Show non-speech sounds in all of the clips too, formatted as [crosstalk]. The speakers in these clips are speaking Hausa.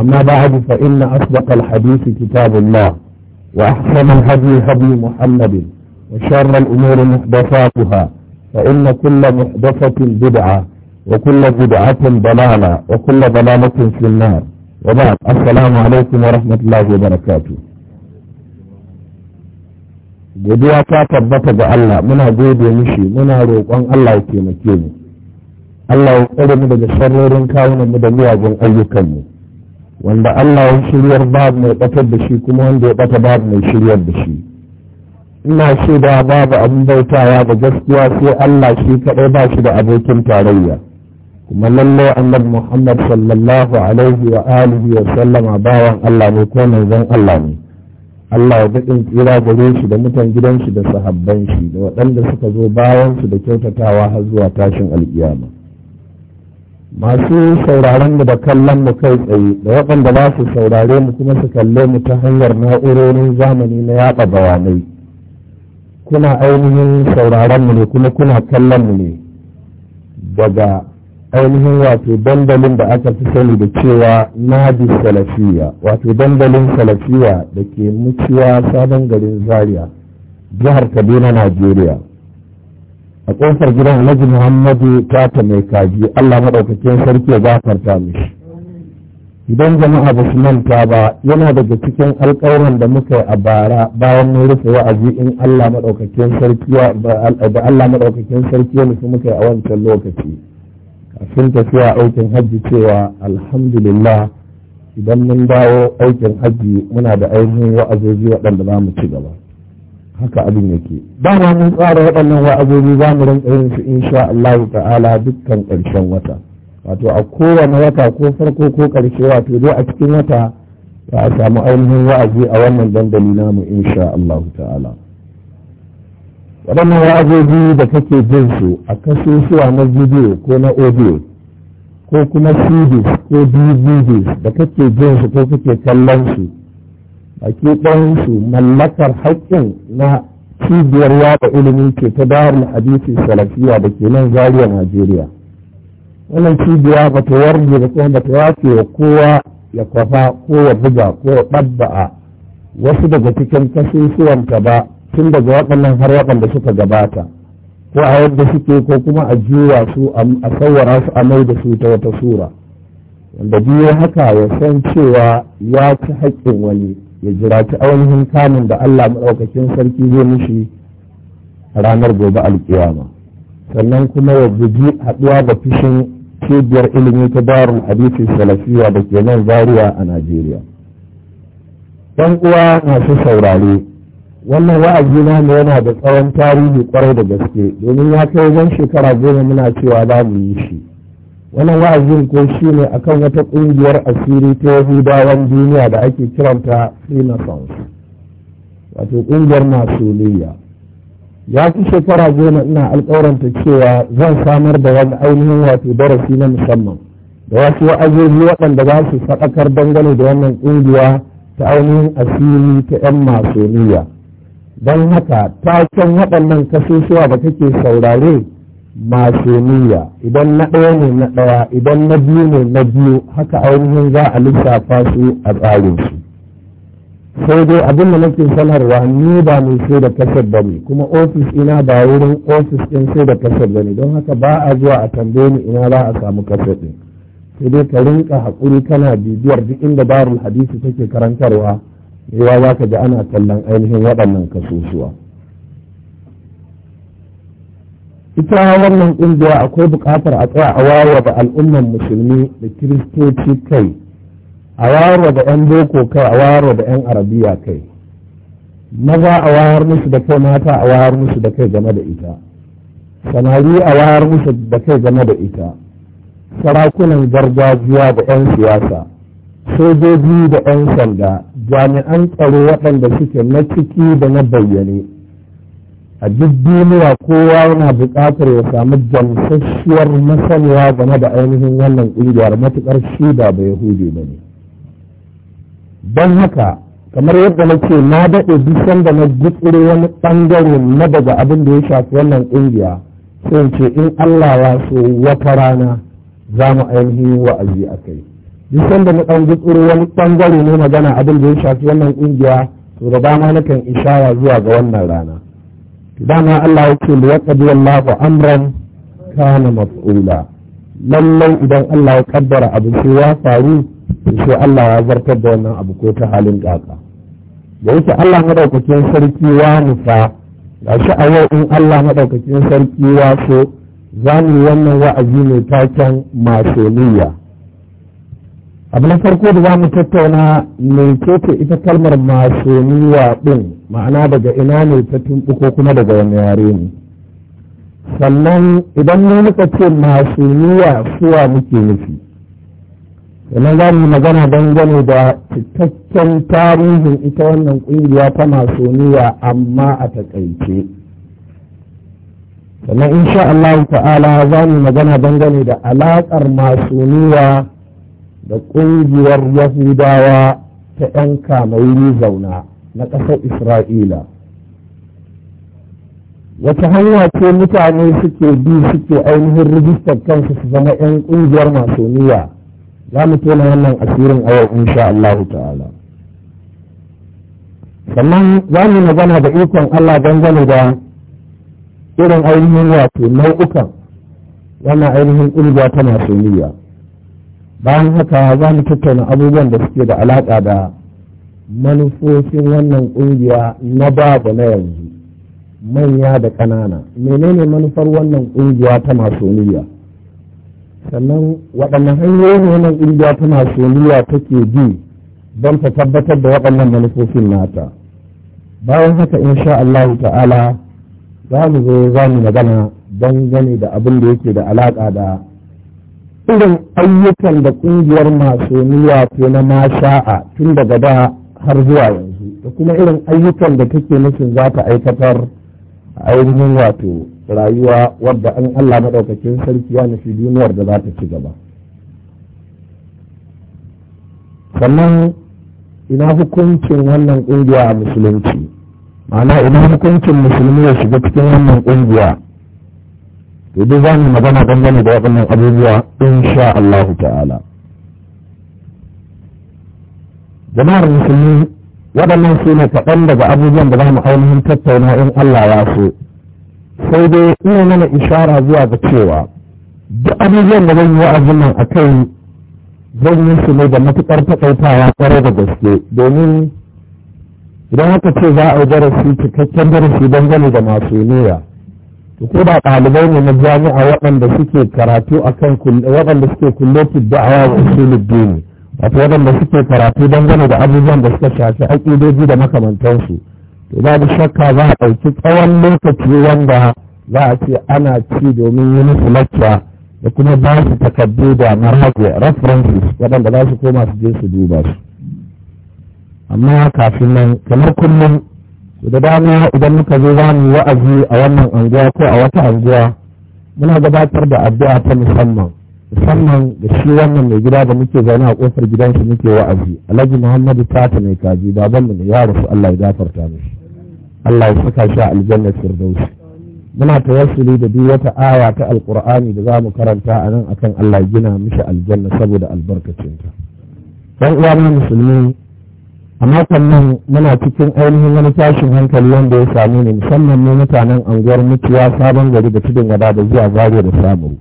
أما بعد فإن أصدق الحديث كتاب الله وأحسن الهدي هدي محمد وشر الأمور محدثاتها فإن كل محدثة بدعة وكل بدعة ضلالة وكل ضلالة في النار وبعد السلام عليكم ورحمة الله وبركاته godiya ta tabbata ga Allah muna gode mishi muna roƙon Allah ya taimake mu Allah ya tsare mu daga sharrorin kawunan mu da miyagun ayyukan mu wanda Allah ya shiryar babu mai batar da shi kuma wanda ya bata babu mai shiryar da shi ina shaida babu abin bautawa da gaskiya sai Allah shi kaɗai ba shi da abokin tarayya kuma lalle annabi Muhammad sallallahu alaihi wa alihi wa sallama bawan Allah ne ko manzon Allah ne Allah ya daɗin tsira gare shi da mutan gidan shi da sahabban shi da waɗanda suka zo bayan su da kyautatawa har zuwa tashin ba. masu sauraron mu da kallon mu kai tsaye da waɗanda ba su saurare mu kuma su kalle mu ta hanyar na'urorin zamani na yaɗa bayanai kuna ainihin sauraron mu ne kuma kuna kallon mu ne daga ainihin wato dandalin da aka fi sani da cewa nadi salafiya wato dandalin salafiya da ke mutuwa sabon garin zaria jihar kaduna najeriya a ƙofar gidan alhaji muhammadu tata mai kaji allah maɗaukakin sarki ya gafarta mishi idan jama'a ba su manta ba yana daga cikin alƙawuran da muka yi a bara bayan mun rufe wa'azi in Allah maɗaukakin sarki da Allah maɗaukakin sarki ya nufi muka yi a wancan lokaci kafin tafiya aikin hajji cewa alhamdulillah idan mun dawo aikin hajji muna da ainihin wa'azoji waɗanda za mu ci gaba. haka abin yake ma mun tsara waɗannan wa'azobi za mu rinka yin su insha Allah ta'ala dukkan ƙarshen wata wato a kowane wata ko farko ko ƙarshe wato dai a cikin wata za a samu ainihin wa'azi a wannan dandali namu insha Allah ta'ala waɗannan wa'azobi da kake jin su a kasusuwa na bidiyo ko na audio ko kuma cds ko dvds da kake jin su ko kake kallon su baki su mallakar haƙƙin na cibiyar yada ilimi ce ta darul hadisi salafiya da ke nan zariya najeriya wannan cibiya ba ta warge ba kuma ba ta yace wa kowa ya kwafa ko ya buga ko ya ɗabba'a wasu daga cikin ta ba tun daga waɗannan har waɗanda suka gabata ko a yadda suke ko kuma a juya su a sauwara su a mai da su ta wata sura wanda biyu haka ya san cewa ya ci haƙƙin wani ya jiraki ainihin kamun da Allah maɗaukakin sarki zai mishi ranar gobe alkiyama sannan kuma ya guji haɗuwa da fishin cibiyar ilimi ta darul hadisi salafiya da ke nan zaria a najeriya ɗan uwa masu saurare wannan wa'azi na mu yana da tsawon tarihi kwarai da gaske domin ya kai wajen shekara goma muna cewa za mu yi shi wannan wa'azin ko shi ne kan wata ƙungiyar asiri ta yahudawan duniya da ake kiranta freemasons wato ƙungiyar masoliyya ya fi shekara goma ina alƙawaranta cewa zan samar da wani ainihin wato darasi na musamman da wasu wa'azoji waɗanda za su faɗakar dangane da wannan ƙungiya ta ainihin asiri ta 'yan masoniya don haka taken waɗannan kasusuwa da kake saurare masoniya idan na ɗaya ne na ɗaya idan na biyu ne na biyu haka ainihin za a lissafa su a tsarinsu sai dai abin da nake sanarwa ni ba mai sai da kasar ba ne kuma ofis ina ba wurin ofis ɗin sai da kasar ba ne don haka ba a zuwa a tambaye ni ina za a samu kasar ɗin sai dai ka rinka haƙuri kana bibiyar duk inda barul hadisi take karantarwa yawa za ka ji ana kallon ainihin waɗannan kasusuwa. ita wannan ƙungiya akwai buƙatar a tsaya a wawa da al'ummar musulmi da kiristoci kai a wawa da 'yan boko kai a wawa da 'yan arabiya kai maza a wayar musu da kai mata a wayar musu da kai game da ita samari a wayar musu da kai game da ita sarakunan gargajiya da 'yan siyasa sojoji da 'yan sanda jami'an tsaro waɗanda suke na ciki da na bayyane a duk duniya kowa yana buƙatar ya samu jamsasshiyar masaniya game da ainihin wannan ƙungiyar matuƙar shi da bai ba ne don haka kamar yadda na ce na daɗe bisan da na gutsure wani ɓangare na daga abin da ya shafi wannan ƙungiya sai ce in allah ya so wata rana za mu ainihin wa'azi a kai bisan da na ɗan gutsure wani ɓangare ne magana abin da ya shafi wannan ƙungiya to da dama nakan ishara zuwa ga wannan rana dama Allah yake da yaqdi Allahu amran kana masula lallai idan Allah ya kaddara abu sai ya faru sai Allah ya zartar da wannan abu ko ta halin kaka da yake Allah madaukakin sarki wa nufa ga shi a yau in Allah madaukakin sarki wa so za mu yi wannan wa'azi mai taken masoniya abu na farko da za mu tattauna mai ce ita kalmar masoniya din ma'ana daga ina ne ta ko kuma daga wani yare ne sannan idan ne muka ce masu yiwa suwa muke nufi sannan za mu magana dangane da cikakken tarihin ita wannan ƙungiya ta masu masoniya amma a takaice sannan insha Allah ta'ala za mu magana dangane da alaƙar masoniya da ƙungiyar yahudawa ta 'yan kamauri zauna na ƙasar isra'ila wata hanya ce mutane suke bi suke ainihin rijistar kansu su zama 'yan ƙungiyar masoniya za mu tona wannan asirin a yau insha Allah ta'ala sannan za mu magana da ikon Allah dangane da irin ainihin wato nau'ukan wannan ainihin ƙungiya ta masoniya bayan haka za mu tattauna abubuwan da suke da alaƙa da manufofin wannan ƙungiya na babu na yanzu manya da ƙanana menene manufar wannan ƙungiya ta masoniya sannan waɗanne hanyoyin wannan ƙungiya ta masoniya take bi don ta tabbatar da waɗannan manufofin nata bayan haka insha Allah ta'ala za mu zo za mu magana don gani da abin da yake da alaƙa da irin ayyukan da ƙungiyar masoniya ko na masha'a tun daga da har zuwa yanzu da kuma irin ayyukan da take nufin za ta aikatar a ainihin wato rayuwa wadda an Allah maɗaukacin sarki ya nufi duniyar da za ta ci gaba sannan ina hukuncin wannan ƙungiya a musulunci ma'ana ina hukuncin musulmi ya shiga cikin wannan ƙungiya to duk za mu magana dangane da waɗannan abubuwa insha allahu ta'ala jama'ar musulmi waɗannan su ne kaɗan daga abubuwan da za mu ainihin tattauna in Allah ya so sai dai ina mana ishara zuwa ga cewa duk abubuwan da zan yi wa'azin nan a kai zan yi su ne da matuƙar taƙaitawa ƙwarai da gaske domin idan aka ce za a yi darasi cikakken darasi gani da masu niyya ko ba ɗalibai ne na jami'a waɗanda suke karatu kan waɗanda suke kulle da'awa wa usulul dini wato waɗanda suke karatu dangane da abubuwan da suka shafi aƙidoji da makamantansu to babu shakka za a ɗauki tsawon lokaci wanda za a ce ana ci domin yi musu lacca da kuma ba su takardu da marage references waɗanda za su koma su je su duba su amma kafin nan kamar kullum da dama idan muka zo za mu wa'azi a wannan anguwa ko a wata anguwa muna gabatar da addu'a ta musamman musamman da shi wannan mai gida da muke zaune a kofar gidan shi muke wa'azi alhaji muhammadu tata mai kaji babanmu ne ya rasu allah ya gafarta mishi allah ya saka sha a aljannar firdausi muna tawassuli da duk wata aya ta alkur'ani da za mu karanta a nan akan allah gina mishi aljanna saboda albarkacinta dan uwana musulmi a makon nan muna cikin ainihin wani tashin hankali wanda ya samu ne musamman mu mutanen anguwar mutuwa sabon gari da tudun wada da zuwa zagaye da samu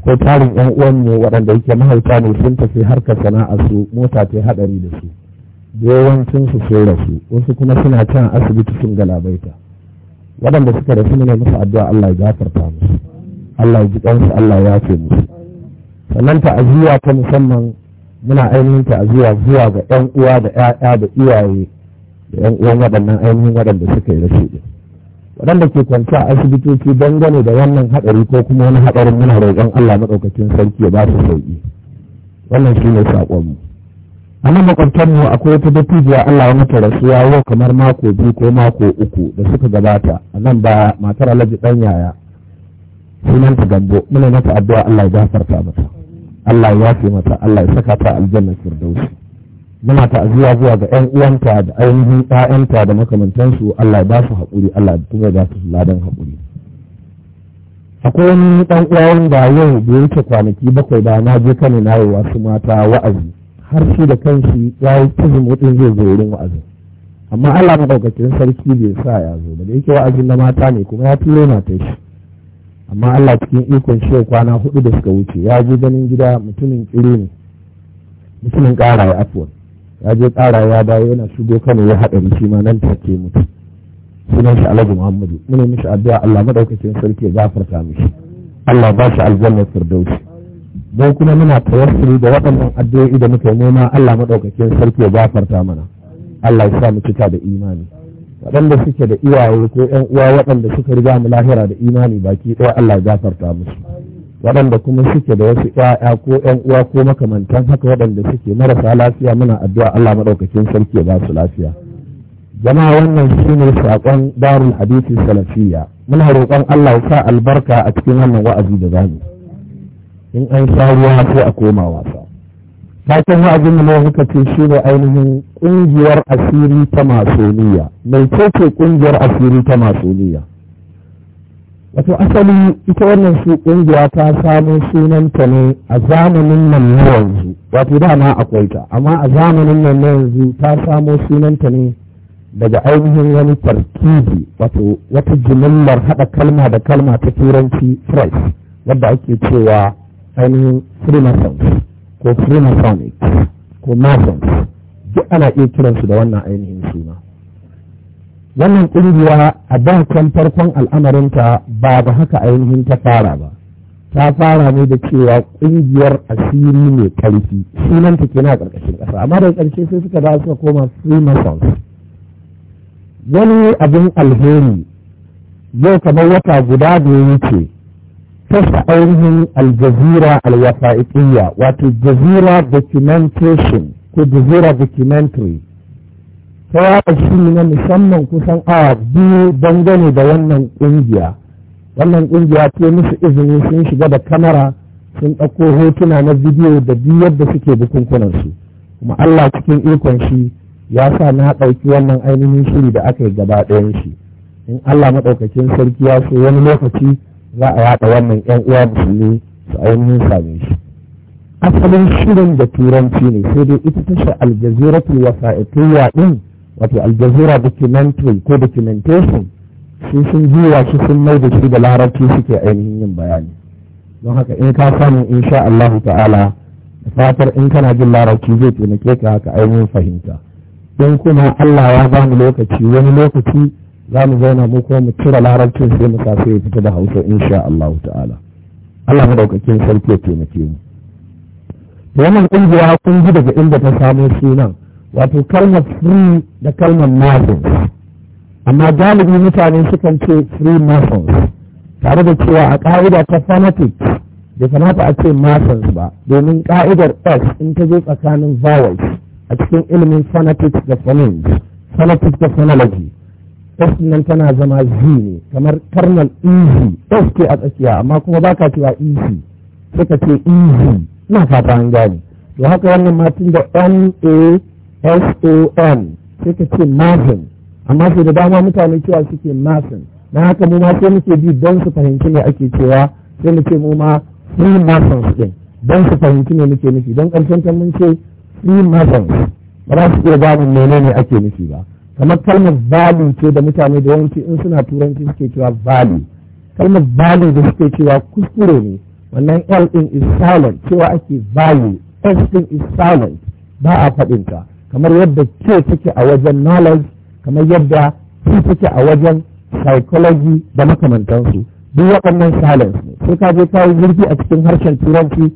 ko tarin yan uwan mu waɗanda yake mahaifa ne sun tafi harkar sana'a su mota ta haɗari da su yawancin su da rasu wasu kuma suna can asibiti sun galabaita waɗanda suka rasu ne musu addu'a Allah ya gafarta musu Allah ya ji kansu Allah ya ce musu sannan ta'aziyya ta musamman muna ainihin azuwa zuwa ga yan uwa da 'ya'ya da iyaye da yan uwan waɗannan ainihin waɗanda suka yi rashi din waɗanda ke kwanci a asibitoci dangane da wannan haɗari ko kuma wani haɗarin muna roƙon Allah maɗaukacin sarki ya ba su sauƙi wannan shi ne saƙonmu a nan maƙwabtanmu akwai wata dattijiya Allah ya mata rasuwa yau kamar mako biyu ko mako uku da suka gabata a nan ba matar alhaji ɗan yaya sunanta gambo muna mata addu'a Allah ya gafarta mata Allah ya yafe mata Allah ya saka ta aljanna firdausi muna ta zuwa ga 'yan uwanta da ainihin 'ya'yanta da makamantansu Allah ba su haƙuri Allah da kuma ba su ladan haƙuri akwai wani ɗan uwa wanda yau da yake kwanaki bakwai ba na je Kano na yawa su mata wa'azi har shi da kanshi ya yi tuzum hudun zai zo wurin wa'azi amma Allah ɗaukakin sarki bai sa ya zo ba da yake wa'azin na mata ne kuma ya turo ta shi amma Allah cikin ikon shi kwana hudu da suka wuce ya je ganin gida mutumin kiri ne mutumin ƙara ya afuwa ya je tsara ya dawo yana shigo kano ya haɗari shi ma nan take mutu sunan shi alhaji muhammadu muna mishi addu'a allah maɗaukacin sarki ya gafarta mishi allah ba shi aljannar firdausi don kuma muna tawassuli da waɗannan addu'o'i da muke nema allah maɗaukacin sarki ya gafarta mana allah ya sa mu cika da imani waɗanda suke da iyaye ko ƴan uwa waɗanda suka riga mu lahira da imani baki ɗaya allah ya gafarta musu waɗanda kuma suke da wasu 'ya'ya ko yan uwa ko makamantan haka waɗanda suke marasa lafiya muna addu'a Allah madaukakin sarki ya ba su lafiya jama'a wannan shine saƙon darul hadisi salafiya. muna roƙon Allah ya sa albarka a cikin wannan wa'azi da zamu in an sha ruwa sai a koma wasa fatan wa'azin na muka ce shine ainihin ƙungiyar asiri ta masoniya mai ce ƙungiyar asiri ta masoniya wato asali ita wannan su kungiya ta samo sunanta ne a zamanin nan na yanzu wato dama akwai ta amma a zamanin nan na yanzu ta samo sunanta ne daga ainihin wani tarkibi wato wata jimillar haɗa kalma da kalma ta turanci fresh wadda ake cewa ainihin freemasons ko freemasonics ko masons duk ana iya kiransu da wannan ainihin suna wannan ƙungiya a da farkon al'amarinta ba da haka ainihin ta fara ba ta fara ne da cewa ƙungiyar asiri mai ƙarfi sunanta ke na ƙarƙashin ƙasa amma daga ƙarshe sai suka da suka koma freemasons wani abin alheri yau kamar wata guda da ya wuce tasa ainihin aljazira alwafa'iqiyya wato jazira documentation ko jazira documentary ta shiri na musamman kusan awa biyu dangane da wannan ƙungiya wannan ƙungiya ce musu izini sun shiga da kamara sun ɗauko hotuna na bidiyo da biyu yadda suke bukunkunansu kuma allah cikin ikon shi ya sa na ɗauki wannan ainihin shiri da aka yi gaba ɗayan shi in allah maɗaukakin sarki ya so wani lokaci za a yaɗa wannan yan uwa musulmi su ainihin same shi asalin shirin da turanci ne sai dai ita tashar aljaziratul wasa'itiyya din wato aljazura documentary ko documentation shi sun jiwa shi sun mai da shi da larabci suke ainihin yin bayani don haka in ka samu insha Allahu ta'ala da fatar in kana jin larabci zai taimake ka haka ainihin fahimta don kuma Allah ya ba mu lokaci wani lokaci za mu zauna mu kuma mu cire larabcin sai mu sa sai ya fita da hausa insha Allah ta'ala Allah madaukakin sarki ya taimake mu domin wannan kungiya kun ji daga inda ta samo sunan wato kalmar free da kalmar masons amma galibi mutane sukan ce free masons tare da cewa a ƙa'ida ta fanatics bai kamata a ce masons ba domin ƙa'idar s in ta zo tsakanin vowels a cikin ilimin fanatic da phonemes fanatic da phonology s nan tana zama z ne kamar karnal easy s ke a tsakiya amma kuma ba ka cewa easy suka ce easy na fata an gane to haka wannan matin da n a S-O-M sai ka ce Martin amma sai da dama mutane cewa suke Martin na haka mu ma sai muke bi don su fahimci ne ake cewa sai muke mu ma free Masons din don su fahimci ne muke nufi don ƙarshen kan mun ce free Masons ba za su iya mene ne ake nufi ba kamar kalmar value ce da mutane da yawanci in suna turanci suke cewa value kalmar value da suke cewa kuskure ne wannan L din is silent cewa ake value S din is silent ba a faɗinta. kamar yadda ke take a wajen knowledge kamar yadda ke take a wajen psychology da makamantansu duk waɗannan silence ne sai ka je yi zurfi a cikin harshen turanci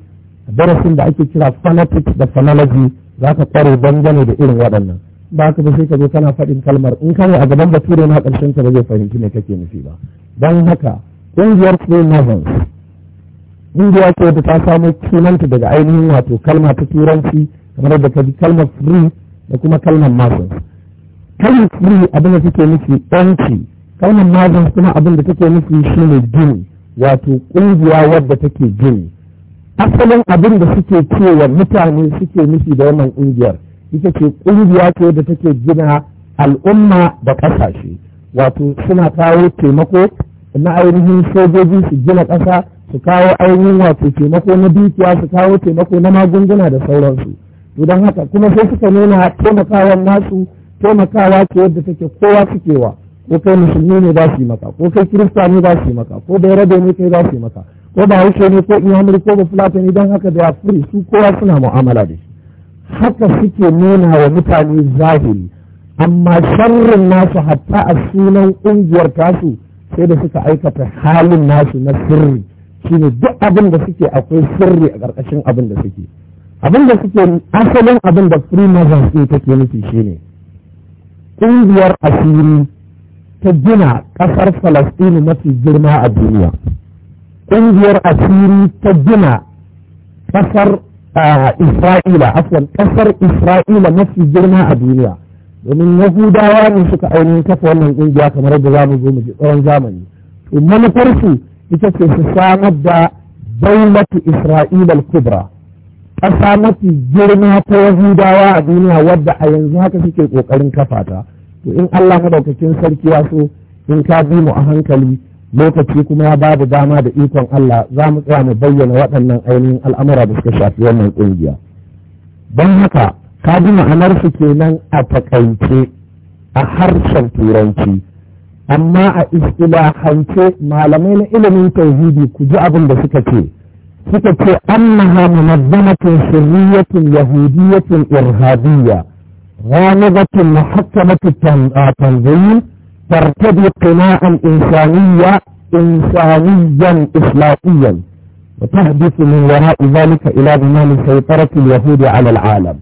a darasin da ake kira phonetics da phonology za ka kware dangane da irin waɗannan ba ka sai ka zo kana faɗin kalmar in kana a gaban bature na ƙarshen ka ba zai fahimci me kake nufi ba don haka ƙungiyar free novels ƙungiya ce da ta samo sunanta daga ainihin wato kalma ta turanci kamar da ka ji kalmar free da kuma kalmar mazan kalmar free abin da take nufi ɗanci kalmar mazan kuma abin da take nufi ne gini wato ƙungiya wadda take gini asalin abin da suke cewa mutane suke nufi da wannan ƙungiyar ita ce ƙungiya ce da take gina al'umma da ƙasashe wato suna kawo taimako na ainihin sojoji su gina ƙasa su kawo ainihin wato taimako na dukiya su kawo taimako na magunguna da sauransu idan haka kuma sai suka nuna taimakawan nasu taimakawa ce yadda take kowa sukewa ko kai musulmi ne ba su yi maka ko kai kirista ne ba su yi maka ko bai rabe ne kai ba su yi maka ko ba haushe ne ko inyamuri ko ba ne don haka da furi su kowa suna mu'amala da shi haka suke nuna wa mutane zahiri amma sharrin nasu hatta a sunan ƙungiyar tasu sai da suka aikata halin nasu na sirri shine duk abin da suke akwai sirri a ƙarƙashin abin da suke abin da suke asalin abin da freemasons ɗin take nufi shine ƙungiyar asiri ta gina ƙasar falastinu mafi girma a duniya ƙungiyar asiri ta gina ƙasar isra'ila afwan ƙasar isra'ila mafi girma a duniya domin yahudawa ne suka ainihin kafa wannan ƙungiya kamar da za mu zo mu ji tsawon zamani to manufarsu ita ce su samar da daulatu isra'ila kubra ƙasa mafi girma ta yahudawa a duniya wadda a yanzu haka suke ƙoƙarin kafa ta to in allah maɗaukakin sarki ya so in ka bi mu a hankali lokaci kuma ya babu dama da ikon allah za mu tsaya mu bayyana waɗannan ainihin al'amura da suka shafi wannan ƙungiya don haka ka ji ma'anar su kenan a takaice a harshen turanci amma a istilahance malamai na ilimin tauhidi ku ji abin da suka ce كتبت أنها منظمة سرية يهودية إرهابية غامضة محكمة التنظيم آه، ترتدي قناعا انسانيا إنسانيا اخلاقيا وتهدف من وراء ذلك إلى ضمان سيطرة اليهود على العالم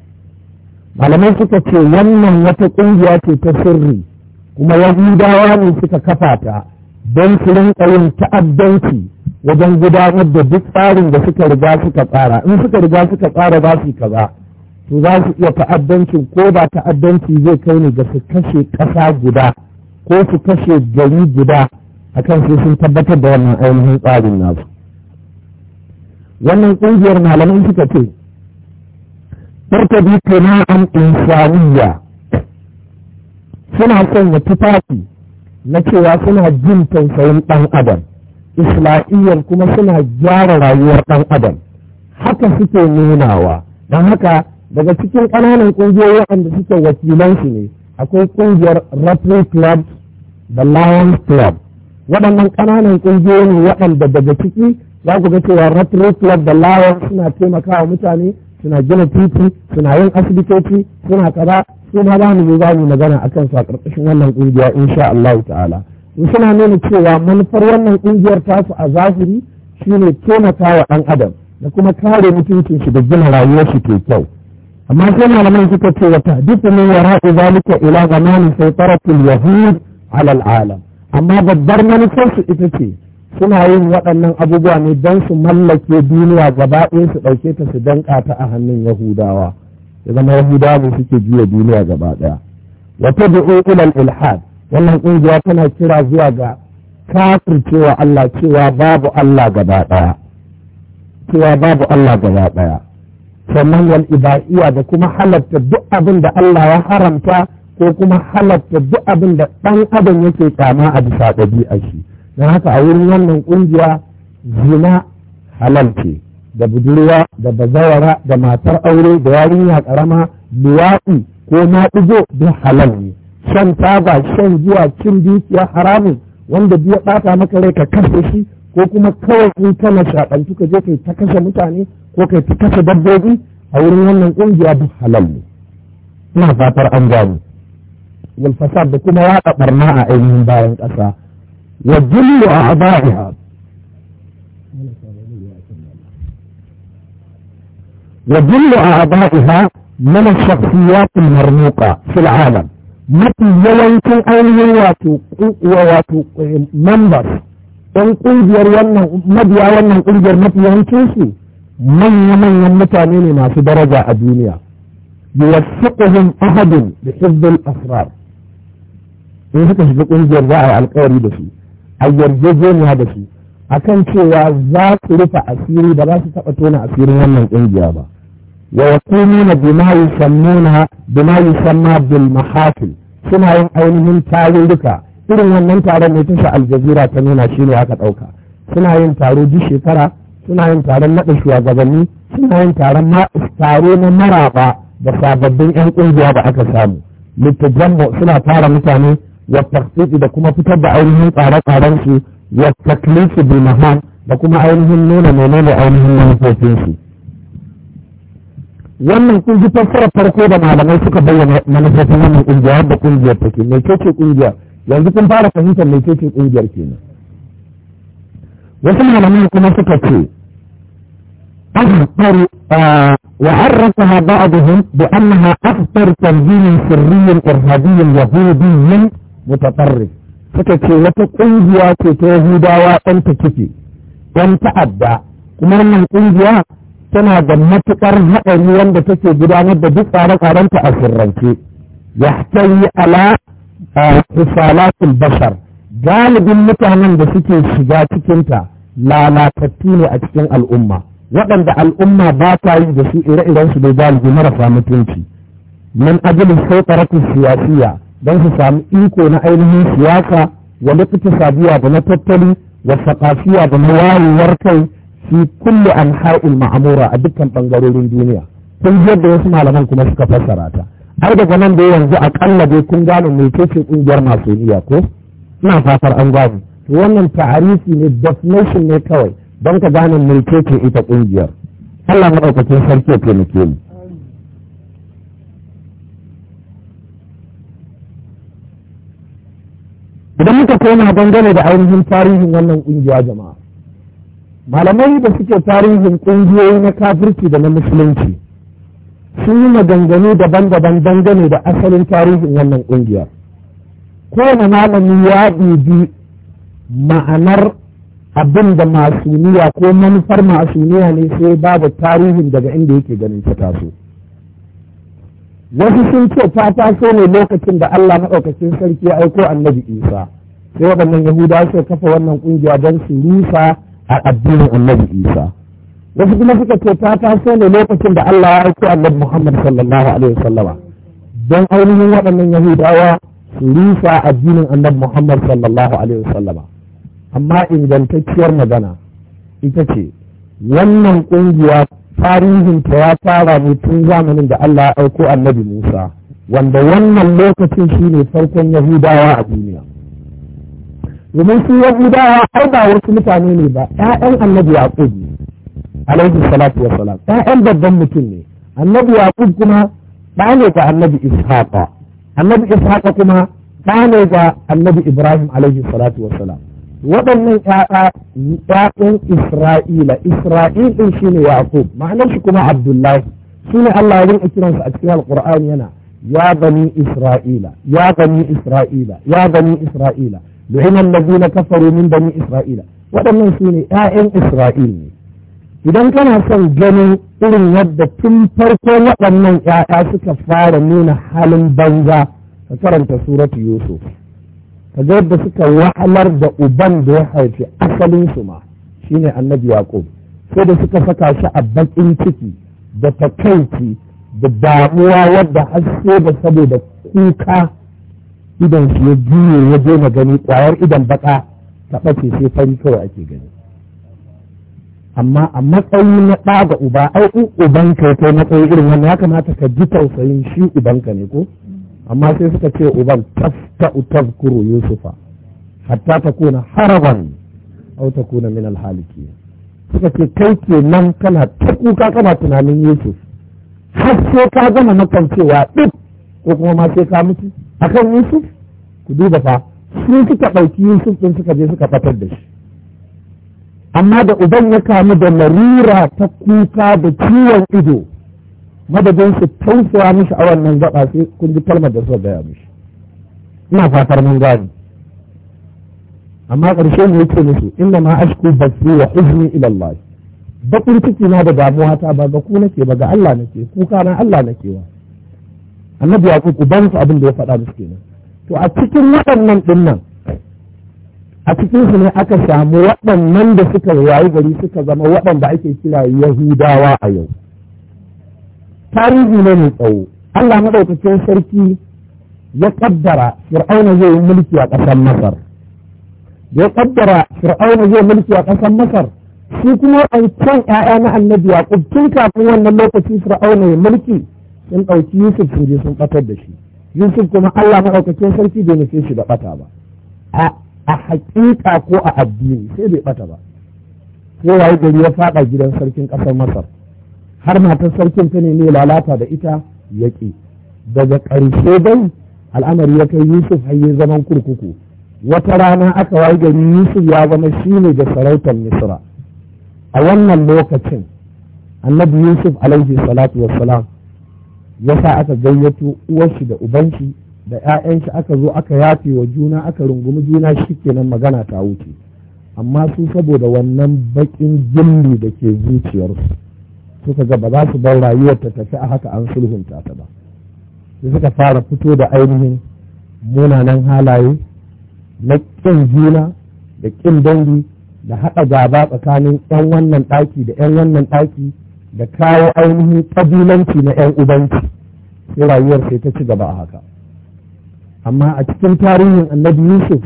على ما سكتي ومن وتقوية تسري وما يهودا وان سكتكفاتا دنسلين قلن تأدنسي wajen gudanar da duk tsarin da suka riga suka tsara in suka riga suka tsara za su kaza to za su iya ta'addanci ko ba ta'addanci zai kai ne ga su kashe ƙasa guda ko su kashe gari guda akan sai sun tabbatar da wannan ainihin tsarin nasu wannan ƙungiyar malamai suka ce tartabi an insaniya suna son sanya tufafi na cewa suna jin tausayin ɗan adam isla'iyyar kuma suna gyara rayuwar ɗan adam haka suke nunawa don haka daga cikin ƙananan ƙungiyoyi waɗanda suke wakilansu ne akwai ƙungiyar rotary club da lions club waɗannan ƙananan ƙungiyoyi waɗanda daga ciki za ku ga cewa rotary club da lions suna taimakawa mutane suna gina titi suna yin asibitoci suna kaza su ma za mu za mu magana akan su a ƙarƙashin wannan ƙungiya insha Allah ta'ala suna nuna cewa manufar wannan ƙungiyar tasu a zahiri shine taimaka wa ɗan adam da kuma kare mutuncin shi da gina rayuwar shi ke kyau amma sai malaman suka ce wa tahdifu min wara'i zalika ila zamanin saytaratul yahud ala alam amma babbar manufar su ita ce suna yin waɗannan abubuwa ne don su mallake duniya gaba ɗaya su ɗauke ta su danƙa ta a hannun yahudawa ya zama yahudawa ne suke juya duniya gaba ɗaya wata bi'u ilal ilhad wannan ƙungiya tana kira zuwa ga kafir cewa Allah cewa babu Allah gaba ɗaya cewa babu Allah gaba ɗaya sannan wal da kuma halatta duk abin da Allah ya haramta ko kuma halatta duk abin da ɗan adam yake kama a bisa ɗabi'a shi don haka a wurin wannan ƙungiya zina halal ce da budurwa da bazawara da matar aure da yarinya karama luwaɗi ko na ɗigo duk halal ne shan taba shan giya cin dukiya haramun wanda biya bata maka rai ka kashe shi ko kuma kawai kun kana shaƙantu ka je kai ta kashe mutane ko kai ta kashe dabbobi a wurin wannan ƙungiya duk halal ne ina fatar an gani wal fasad da kuma yaɗa barna a ainihin bayan ƙasa wa jullu a aba'iha وجل أعضائها من الشخصيات المرموقة fil alam mafi yawancin ainihin wato wato eh, members ɗan ƙungiyar wannan mabiya wannan ƙungiyar mafi yawancin su manya-manyan mutane ne masu daraja a duniya yuwaffiquhum ahadun bi hifdil asrar in suka shiga ƙungiyar za a yi alkawari da su a yarjejeniya da su akan cewa za su rufe asiri ba za su taɓa tona asirin wannan ƙungiya ba wa yakunu na bima yusammuna bima yusamma bil mahatil suna yin ainihin tarurruka irin wannan taron ne tasha aljazira ta nuna shi ne aka ɗauka suna yin taro duk shekara suna yin taron naɗa shugabanni suna yin taron taro na maraba da sababbin 'yan ƙungiya da aka samu littattafan suna fara mutane wa da kuma fitar da ainihin tsare-tsaren su wa taklifi da kuma ainihin nuna menene ainihin manufofinsu wannan kun ji fassara farko da malamai suka bayyana manufofin wannan kungiya yadda kungiyar take mai ce kungiya yanzu kun fara fahimtar mai ce kungiyar kenan wasu malamai kuma suka ce أخطر وعرفها بعضهم بأنها أخطر تنظيم سري إرهابي يهودي متطرف فكتي وتقنجيا تتهودا وأنت كتي وأنت أبدا كما أن القنجيا tana da matuƙar haɗari wanda take gudanar da duk tsare-tsarenta a sirrance ya tayi ala hisalatul bashar galibin mutanen da suke shiga cikinta lalatattu ne a cikin al'umma waɗanda al'umma ba ta yi da su ire-iren su dai galibi marasa mutunci min ajilin sauƙaratun siyasiya don su sami iko na ainihin siyasa wa likita sabiya da na tattali wa da na wayewar kai fi kulle anha'il ma'amura a dukkan bangarorin duniya tun kun yadda wasu malaman kuma suka fassara ta har daga nan da yanzu akalla dai kun gane mai kace kungiyar masoniya ko ina fatar an gano to wannan ta'arifi ne definition ne kawai don ka gane mai kace ita kungiyar Allah madaukakin sarki ya taimake mu idan muka koma dangane da ainihin tarihin wannan kungiya jama'a malamai da suke tarihin ƙungiyoyi na kafirci da na musulunci sun yi maganganu daban-daban dangane da asalin tarihin wannan ƙungiyar kowane malami ya ɗibi ma'anar abin da masuniya ko manufar masuniya ne sai babu tarihin daga inda yake ganin ta taso wasu sun ce ta taso ne lokacin da Allah maɗaukacin sarki ya aiko annabi isa sai waɗannan yahudawa suka kafa wannan ƙungiya don su rusa a addinin annabi isa wasu kuma suka ce ta taso ne lokacin da allah ya aiko annabi muhammad sallallahu alaihi wasallama don ainihin waɗannan yahudawa su rusa addinin annabi muhammad sallallahu alaihi wasallama amma ingantacciyar magana ita ce wannan ƙungiya tarihinta ya fara ne tun zamanin da Allah ya aiko annabi Musa wanda wannan lokacin shi ne farkon Yahudawa a duniya domin su yahudawa ai ba wasu mutane ne ba ƴaƴan annabi yaqub alaihi salatu wa salam ƴaƴan babban mutum ne annabi yaqub kuma ɗa ne ga annabi ishaqa annabi ishaqa kuma ba ne ga annabi ibrahim alaihi salatu wa salam waɗannan ƴaƴa ƴaƴan isra'ila isra'il din shine yaqub ma'anar shi kuma abdullahi shine Allah ya rinka kiransa a cikin alqur'ani yana ya bani isra'ila ya bani isra'ila ya bani isra'ila لعن الذين كفروا من بني Isra'ila. waɗannan su ne ‘ya'yan Isra'il ne, idan kana son ganin irin wadda tun farko waɗannan ‘ya'ya suka fara nuna halin banza ka karanta suratu Yusuf, ka ga yadda suka wahalar da uban da ya haifi asalin su ma shi ne annabi Yaƙub, sai da suka saka shi a baƙin ciki da takaici da damuwa wadda har sai da saboda kuka idan shi ya juye ya je na gani kwayar idan baƙa ta ɓace sai fari kawai ake gani amma a matsayi na ɗa uba ai uban ka kai matsayi irin wannan ya kamata ka ji tausayin shi uban ka ne ko amma sai suka ce uban tafta tafkuru yusufa hatta ta kuna haraban au ta kuna min alhaliki suka ce kai ke nan kana ta kuka kana tunanin yusuf har sai ka gama na cewa duk ko kuma ma sai ka mutu akan Yusuf ku duba fa sun suka ɗauki Yusuf ɗin suka je suka fatar da shi amma da uban ya kamu da larura ta kuka da ciwon ido madadin su tausaya mishi a wannan gaba sai kun ji kalmar da suka gaya mishi ina fatar mun gani amma ƙarshe ne yake musu inna ma ashku basri wa huzni ila Allah bakin ciki na da damuwa ta ba ga ku nake ba ga Allah nake kuka na Allah nake wa annabi ya ku ba musu abin da ya faɗa musu kenan to a cikin waɗannan dinnan a cikin su ne aka samu waɗannan da suka wayi gari suka zama waɗanda ake kira yahudawa a yau tarihi ne mai tsawo Allah madaukakin sarki ya kaddara fir'auna zai yi mulki a ƙasar masar ya kaddara fir'auna zai mulki a ƙasar masar shi kuma an can 'ya'ya na annabi yaqub tun kafin wannan lokaci fir'auna ya mulki sun ɗauki yusuf sun je sun ɓatar da shi yusuf kuma allah maɗaukakin sarki bai nufe shi da ɓata ba a haƙiƙa ko a addini sai bai ɓata ba sai waye gari ya faɗa gidan sarkin ƙasar masar har matar sarkin ta nemi lalata da ita ya ƙi daga ƙarshe dai al'amari ya kai yusuf har ya zaman kurkuku wata rana aka waye gari yusuf ya zama shine da sarautar misra a wannan lokacin annabi yusuf alaihi salatu wassalam yasa aka gayyato uwarshi da ubanshi da 'ya'yanshi aka zo aka yafe wa juna aka rungumi juna shi kenan magana ta wuce amma su saboda wannan baƙin gilli da ke zuciyarsu suka ga ba za su bar rayuwar ta tafi a haka an sulhunta ta ba sai suka fara fito da ainihin munanan halaye na ƙin juna da ƙin dangi da haɗa gaba tsakanin 'yan wannan ɗaki da 'yan wannan ɗaki da kawo ainihin ƙabilanci na 'yan ubanci sai rayuwar sai ta ci gaba a haka amma a cikin tarihin annabi yusuf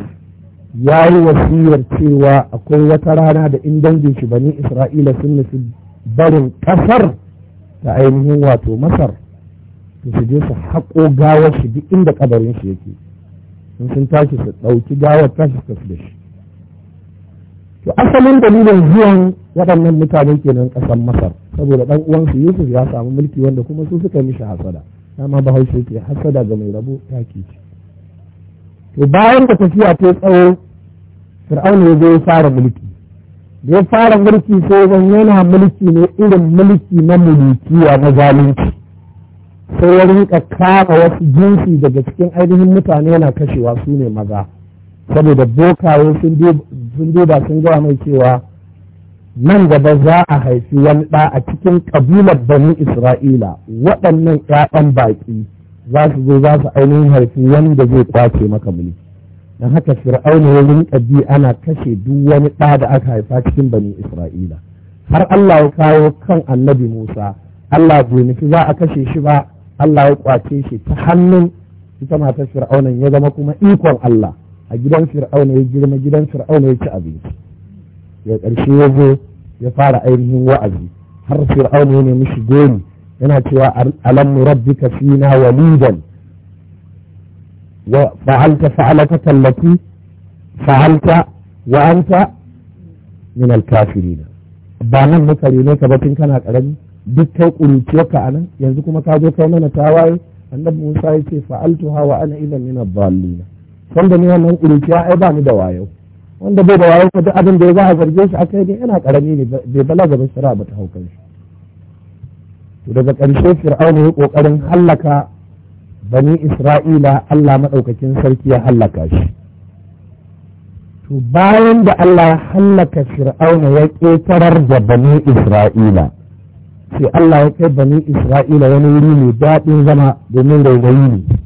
ya yi wasiyar cewa akwai wata rana da in dangin shi bani isra'ila sun nufi barin ƙasar ta ainihin wato masar to su je su haƙo gawar shi duk inda kabarin shi yake in sun tashi su ɗauki gawar tashi su da shi to asalin dalilin zuwan waɗannan mutane kenan ƙasar masar saboda ɗan uwansu yusuf ya samu mulki wanda kuma su suka mishi hasada dama bahaushe ke hasada ga mai rabo ke ci to bayan da tafiya ta tsawo fir'auna ya zo ya fara mulki da ya fara mulki sai zan yana mulki ne irin mulki na mulkiya na zalunci sai ya rinka kama wasu jinsi daga cikin ainihin mutane yana kashewa su ne maza saboda bokaye sun sun duba sun gawa mai cewa nan gaba za a haifi wani ɗa a cikin ƙabilar bani isra'ila waɗannan ƴaƴan baƙi za su zo za su ainihin haifi wanda zai kwace maka mulki don haka fir'auna ya rinka bi ana kashe duk wani ɗa da aka haifa cikin bani isra'ila har allah ya kawo kan annabi musa allah bai nufi za a kashe shi ba allah ya kwace shi ta hannun ita matar fir'aunan ya zama kuma ikon allah a gidan fir'auna ya girma gidan fir'auna ya ci abinci ya ƙarshe ya zo ya fara ainihin wa'azi har fir'auna ya nemi shi goni yana cewa alam rabbika fina walidan wa fa'alta fa'alata tallati fa'alta wa anta min al-kafirin ba nan muka rene ka batun kana karami duk kai kuruciyarka a nan yanzu kuma ka zo kai mana tawaye annabi Musa ya ce fa'altu hawa ana idan min ad-dallin wanda ni wannan ƙuruciya ai ba ni da wayo wanda bai da wayo duk abin da ya za a zarge shi akai ne yana karami ne bai balaga ba shara ba ta haukan shi to daga karshe fir'auna ya kokarin hallaka bani isra'ila Allah maɗaukakin sarki ya hallaka shi to bayan da Allah hallaka fir'auna ya ƙetarar da bani isra'ila sai Allah ya kai bani isra'ila wani wuri mai daɗin zama domin rairayi ne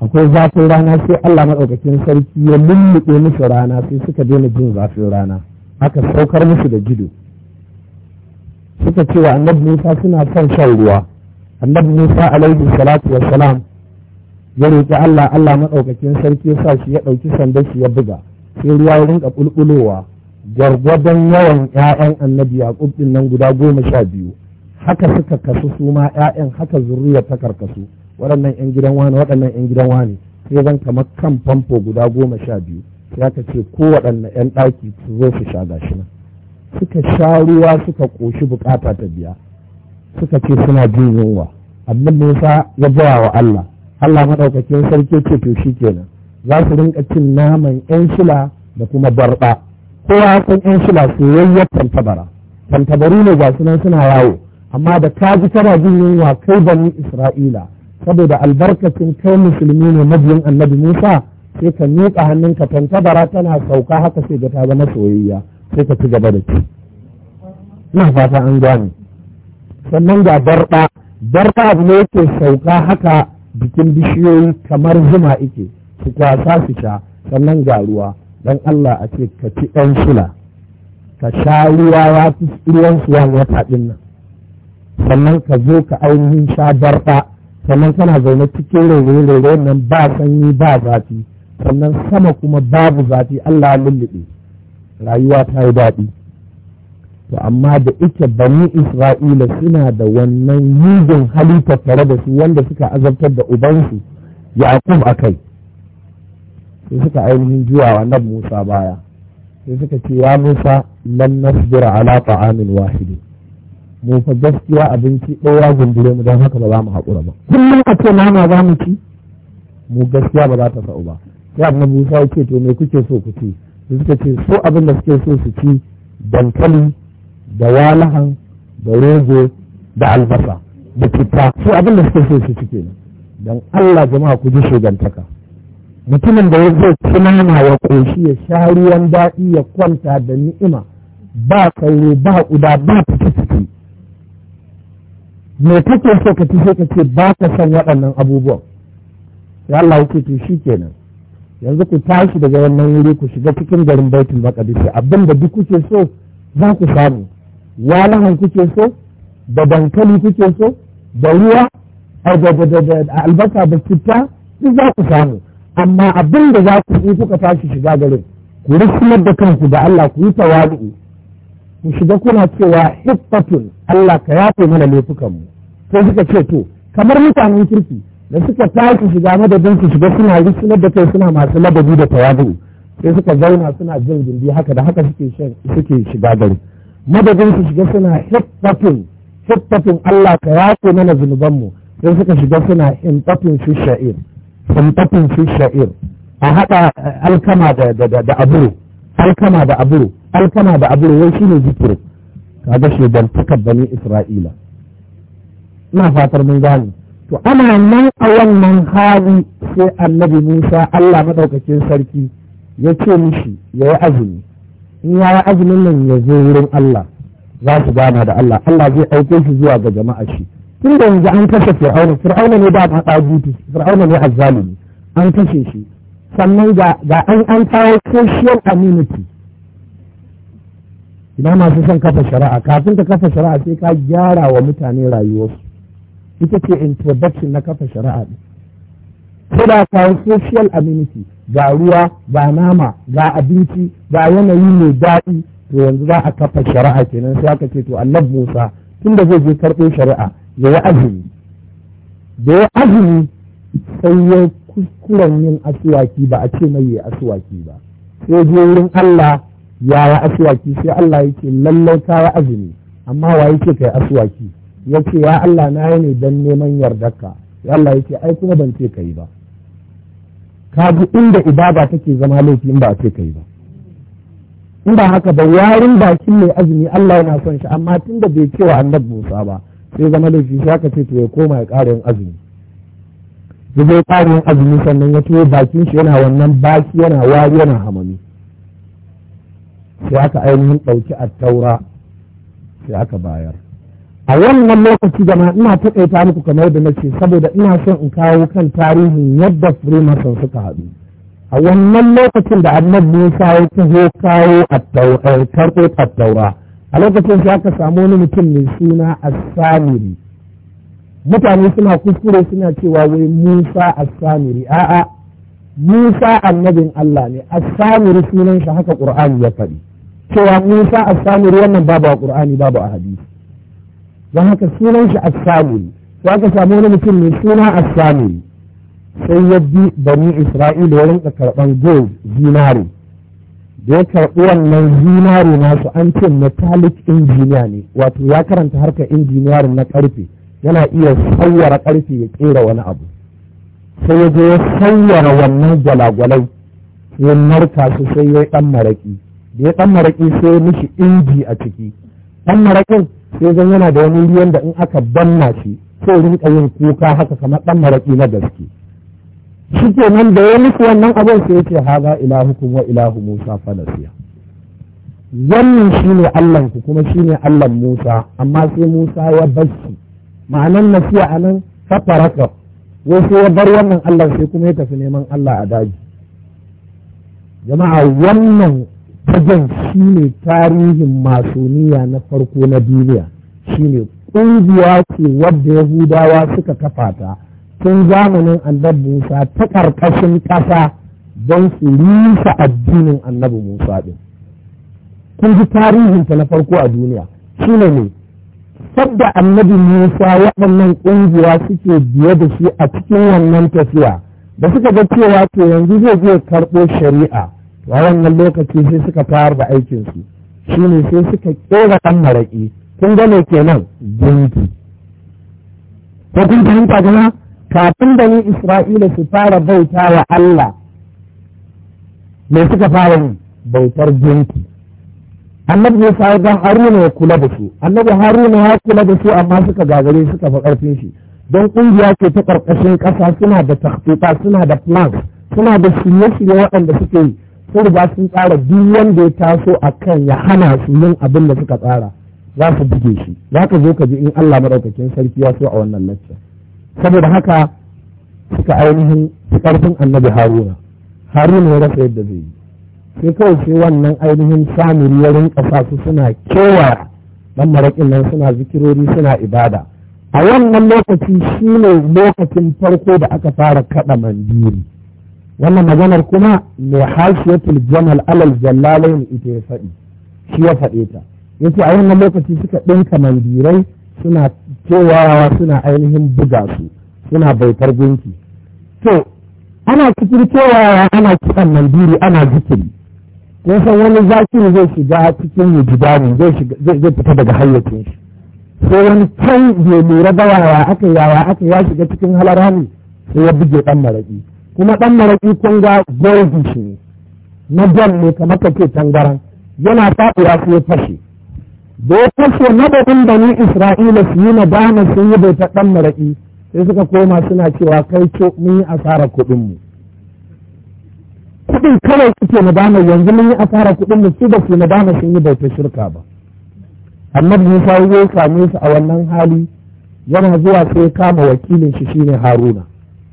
akwai zafin rana sai Allah maɗaukakin sarki ya lulluɓe musu rana sai suka daina jin zafin rana aka saukar musu da gido. suka ce wa annabi Musa suna son shan ruwa annabi Musa alaihi salatu wa salam ya roƙi Allah Allah maɗaukakin sarki ya sa shi ya ɗauki sanda shi ya buga sai ruwa ya rinka ƙulƙulowa gwargwadon yawan 'ya'yan annabi Yaƙub ɗin nan guda goma sha biyu haka suka kasu su ma 'ya'yan haka zurriya ta karkasu waɗannan 'yan gidan wani waɗannan 'yan gidan wani sai zan kamar kan famfo guda goma sha biyu sai aka ce ko waɗanne 'yan ɗaki su zo su sha gashi nan suka sha ruwa suka ƙoshi bukata ta biya suka ce suna jin yunwa abin da ya bawa wa Allah Allah maɗaukakin sarki ce to shi kenan za su rinka cin naman 'yan shila da kuma barɓa kowa san 'yan shila soyayyar tantabara tantabaru ne ga sunan suna yawo amma da ka ji kana jin yunwa kai bani Isra'ila saboda albarkacin kai musulmi ne mabiyin annabi musa sai ka miƙa hannunka tantabara tana sauka haka sai ga ta zama soyayya sai ka ci gaba da ci ina fata an gane sannan ga barɗa. Barɗa abu ne yake sauka haka bikin bishiyoyi kamar zuma ike su kwasa su sha sannan ga ruwa dan Allah a ce ka ci ɗan sula ka sha ruwa ya fi ruwan suwan wata ɗin nan sannan ka zo ka ainihin sha barɗa sannan kana zaune cikin rere-rere nan ba sanyi ba zafi sannan sama kuma babu zafi Allah ya lullube rayuwa ta yi daɗi to amma da ike bani isra'ila suna da wannan yugun halitta tare da su wanda suka azabtar da ubansu yakub a kai sai suka ainihin juwa nan musa baya sai suka ce ya musa lan nasbira ala ta'amin wahidin mu fa gaskiya abinci ɗaya gundure mu don haka ba za mu haƙura ba kullum a ce nama za mu ci mu gaskiya ba za ta sa'u ba sai annabi Musa ya ce to me kuke so ku ci suka ce so abin da suke so su ci dankali da walahan da rogo da albasa da citta su abin da suke so su ci kenan dan Allah jama'a ku ji shugantaka mutumin da ya zo tunana ya ƙoshi ya sha ruwan daɗi ya kwanta da ni'ima ba sauro ba ƙuda ba fiti me kake so ka tafi ka ce ba ka san waɗannan abubuwan ya Allah yake to shi kenan yanzu ku tashi daga wannan wuri ku shiga cikin garin baitul maqdis abin da duk kuke so za ku samu walahan kuke so da dankali kuke so da ruwa da albasa da citta duk za ku samu amma abin da za ku yi kuka tashi shiga garin ku rufar da kanku da Allah ku yi tawadu ku shiga kuna cewa hiffatun Allah ka yafe mana laifukanmu sai suka ce to kamar mutanen kirki da suka tashi shiga madadin su shiga suna rusunar da kai suna masu ladabi da tawadu sai suka zauna suna jin gindi haka da haka suke shan suke shiga gari madadin su shiga suna hiffatun hiffatun Allah ka yafe mana zunuban mu sai suka shiga suna himtatun fi sha'ir himtatun fi sha'ir a haɗa alkama da da da, alkama da aburo alkama da aburo wai shine zikirin kaga shedantakar bani isra'ila ina fatar mun gane to ana nan a wannan hali sai annabi musa allah maɗaukakin sarki ya ce mishi ya yi azumi in ya yi azumin nan ya zo wurin allah za su gana da allah allah zai aike shi zuwa ga jama'a shi tun da yanzu an kashe fir'auna fir'auna ne ba ta fir'auna ne azzalumi an kashe shi sannan ga an an kawo social community ina masu son kafa shari'a kafin ka kafa shari'a sai ka gyara wa mutane rayuwarsu ita ce introduction na kafa shari'a ne sai kawo social community ga ruwa ga nama ga abinci ga yanayi mai daɗi to yanzu za a kafa shari'a kenan sai aka ce to annab Musa da zai je karɓo shari'a ya yi azumi da ya azumi sai ya kuskuren yin asuwaki ba a ce mai yi asuwaki ba sai je wurin Allah ya yi asuwaki sai Allah ya ce lallai ka yi azumi amma wa yake kai asuwaki ya ce ya Allah na yi ne don neman yardarka ya Allah ya ce ai kuma ban ce kai ba ka bi inda ibada take zama laifi in ba a ce kai ba in ba haka ba warin bakin mai azumi Allah yana son shi amma tun da bai cewa annabi Musa ba sai zama laifi sai aka ce to ya koma ya ƙara yin azumi ya zai yin azumi sannan ya tuwo bakin shi yana wannan baki yana wari yana hamami sai aka ainihin ɗauki a taura sai aka bayar a wannan lokaci gama ina taƙaita muku kamar da nace saboda ina son in kawo kan tarihin yadda freemason suka haɗu a wannan lokacin da annabi Musa ya taho kawo attaura eh, taura a lokacin sai aka samu wani mutum mai suna asamiri mutane suna kuskure suna cewa wai musa as-samiri a'a musa annabin allah ne as-samiri sunan shi haka qur'ani ya faɗi cewa musa as-samiri wannan babu a qur'ani babu a hadisi don haka sunan shi as-samiri to aka samu wani mutum mai suna as-samiri sai ya bi bani isra'ila wurin karɓan gold zinari da ya karɓi wannan zinari nasu an ce metallic engineer ne wato ya karanta harkar injiniyar na karfe yana iya sauwara ƙarfe ya ƙera wani abu sai ya je ya sauwara wannan gwalagwalai ya narka su sai ya yi ɗan maraƙi da ya ɗan maraƙi sai ya mishi inji a ciki ɗan maraƙin sai zan yana da wani ruwan da in aka banna shi sai rinka yin kuka haka kamar ɗan maraƙi na gaske shi ke nan da ya mishi wannan abin sai ya ce haza ilahukum wa ilahu musa falasiya wannan ne allahnku kuma shi ne allah musa amma sai musa ya bashi. ma'anan nasiya a nan safaraka wai sai ya bar wannan Allah sai kuma ya tafi neman Allah a daji jama'a wannan fagen shi ne tarihin masoniya na farko na duniya shi ne ƙungiya ce wadda yahudawa suka kafa ta tun zamanin annabi musa ta ƙarƙashin ƙasa don su rusa addinin annabi musa ɗin kun ji tarihinta na farko a duniya shi ne ne cutar annabi Musa waɗannan ƙungiya suke biye da shi a cikin wannan tafiya da suka ga cewa to yanzu zai je karɓo shari'a a wannan lokaci sai suka fara da aikinsu shi ne sai suka ƙera ɗan maraƙi kun gane kenan jinki ko kun fahimta kafin da ni Isra'ila su fara bauta wa Allah me suka fara bautar jinki annabi sa ga Haruna ya kula da su annabi Haruna ya kula da su amma suka gagare suka fi karfin shi don kungiya ce ta karkashin kasa suna da takhtuta suna da plans suna da shirye-shirye waɗanda suke yi sun riga sun tsara duk wanda ya taso a kan ya hana su yin abin da suka tsara za su buge shi za ka zo ka ji in Allah madaukakin sarki ya so a wannan lacca saboda haka suka ainihin karfin annabi Haruna Haruna ya rasa yadda zai yi sai kawai sai wannan ainihin samun yarin ƙasa su suna kewaya dan maraƙin nan suna zikirori suna ibada a wannan lokaci shi ne lokacin farko da aka fara kaɗa mandiri wannan maganar kuma mai hashiyatul jamal alal jallalai ita ya faɗi shi ya faɗe ta yace a wannan lokaci suka ɗinka mandirai suna kewayawa suna ainihin buga su suna baitar gunki to ana cikin kewayawa ana kiɗan mandiri ana zikiri kun san wani zaki zai shiga cikin mujidani zai fita daga hayyacin shi sai wani can bai lura da yawa aka yawa aka ya shiga cikin halarani sai ya buge dan maraƙi kuma dan maraƙi kun ga goldi shi ne na jan ne kamar ke tangaran yana faɗuwa sai ya fashe da ya fashe madadin da ni isra'ila su yi dama sun yi bai ta dan maraƙi sai suka koma suna cewa kai ce mun yi asarar mu. kuɗin kawai suke nadama yanzu mun yi asara kuɗin da su ba su nadama sun yi bautar shirka ba annabi Musa ya same su a wannan hali yana zuwa sai ya kama wakilin shi shine Haruna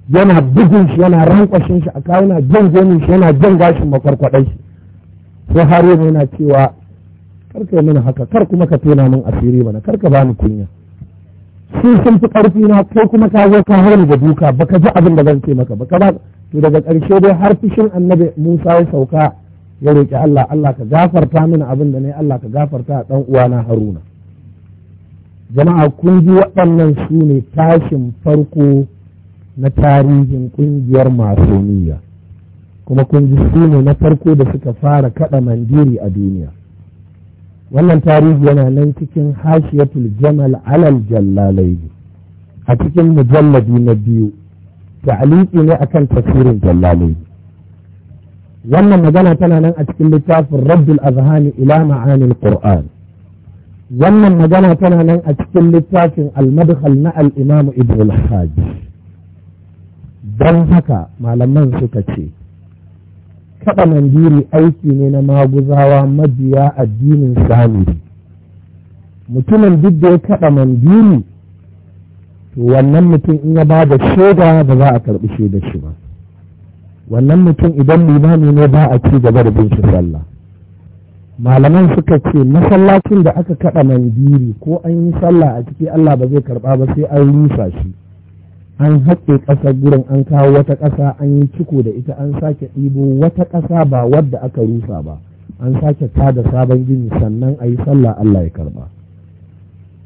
yana bugun shi yana rankwashin shi a kawuna jan gonin shi yana jan gashin makwarkwadai shi sai Haruna yana cewa karka yi mana haka kar kuma ka tona min asiri mana kar ka bani kunya sun sun fi ƙarfi na ko kuma ka zo ka hau da duka ba ka ji abin da zan ce maka ka ba to daga ƙarshe dai har fishin annabi Musa ya sauka ya roƙi Allah Allah ka gafarta mini abin da ne Allah ka gafarta ɗan uwana Haruna jama'a kun ji waɗannan su ne tashin farko na tarihin ƙungiyar masoniya kuma kun ji su ne na farko da suka fara kaɗa mandiri a duniya wannan tarihi yana nan cikin hashiyatul jamal alal jallalaini a cikin mujalladi na biyu ta'aliki ne akan tafsirin jallalaini wannan magana tana nan a cikin littafin rabbul azhani ila ma'anil qur'an wannan magana tana nan a cikin littafin al-madkhal na al-imam ibn al-hajj dan haka malaman suka ce taɓa mandiri aiki ne na maguzawa mabiya addinin samiri mutumin duk da ya taɓa mandiri to wannan mutum in ya ba da shaida ba za a karɓi da shi ba wannan mutum idan limami ne ba a ci gaba da bin shi sallah malaman suka ce masallacin da aka kaɗa mandiri ko an yi sallah a ciki allah ba zai karɓa ba sai an rusa shi an haƙe ƙasar gurin an kawo wata ƙasa an yi ciko da ita an sake ɗibo wata ƙasa ba wadda aka rusa ba an sake tada sabon gini sannan a yi sallah Allah ya karba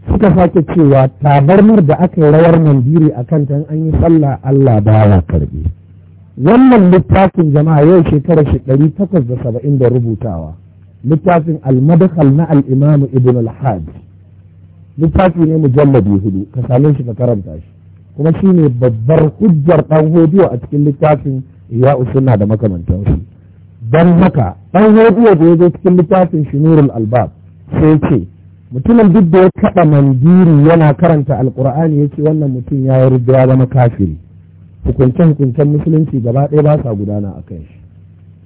suka sake cewa tabarmar da aka yi rawar mandiri a kanta an yi sallah Allah ba ya karbe wannan littafin jama'a yau shekara shi ɗari takwas da saba'in da rubutawa littafin almadakal na al'imamu ibn al littafi ne mujalladi hudu ka same shi ka karanta shi kuma shi ne babbar hujjar ɗan hodiyo a cikin littafin ya usunna da makamantansu don haka ɗan hodiyo da ya zo cikin littafin shi nurul albab sai ce mutumin duk da ya kaɗa mandiri yana karanta alkur'ani ya ce wannan mutum ya yi rubuwa zama kafiri hukunce hukuncen musulunci gaba ɗaya ba sa gudana a kan shi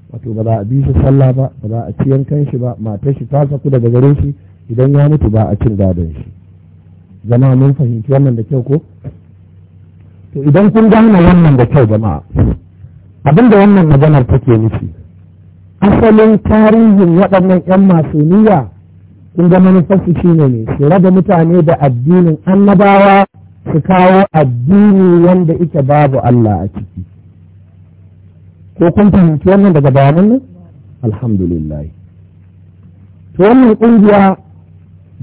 wato ba za a bi shi sallah ba ba za a ci yankan shi ba matar shi ta saku daga garin shi idan ya mutu ba a cin gadon shi zama mun fahimci wannan da kyau ko to idan kun gane wannan da kyau jama'a abin da wannan maganar take nufi asalin tarihin waɗannan 'yan niyya kun ga manufarsu shine ne su raba mutane da addinin annabawa su kawo addini wanda ita babu Allah a ciki ko kun fahimci wannan daga bayanan nan alhamdulillah to wannan ƙungiya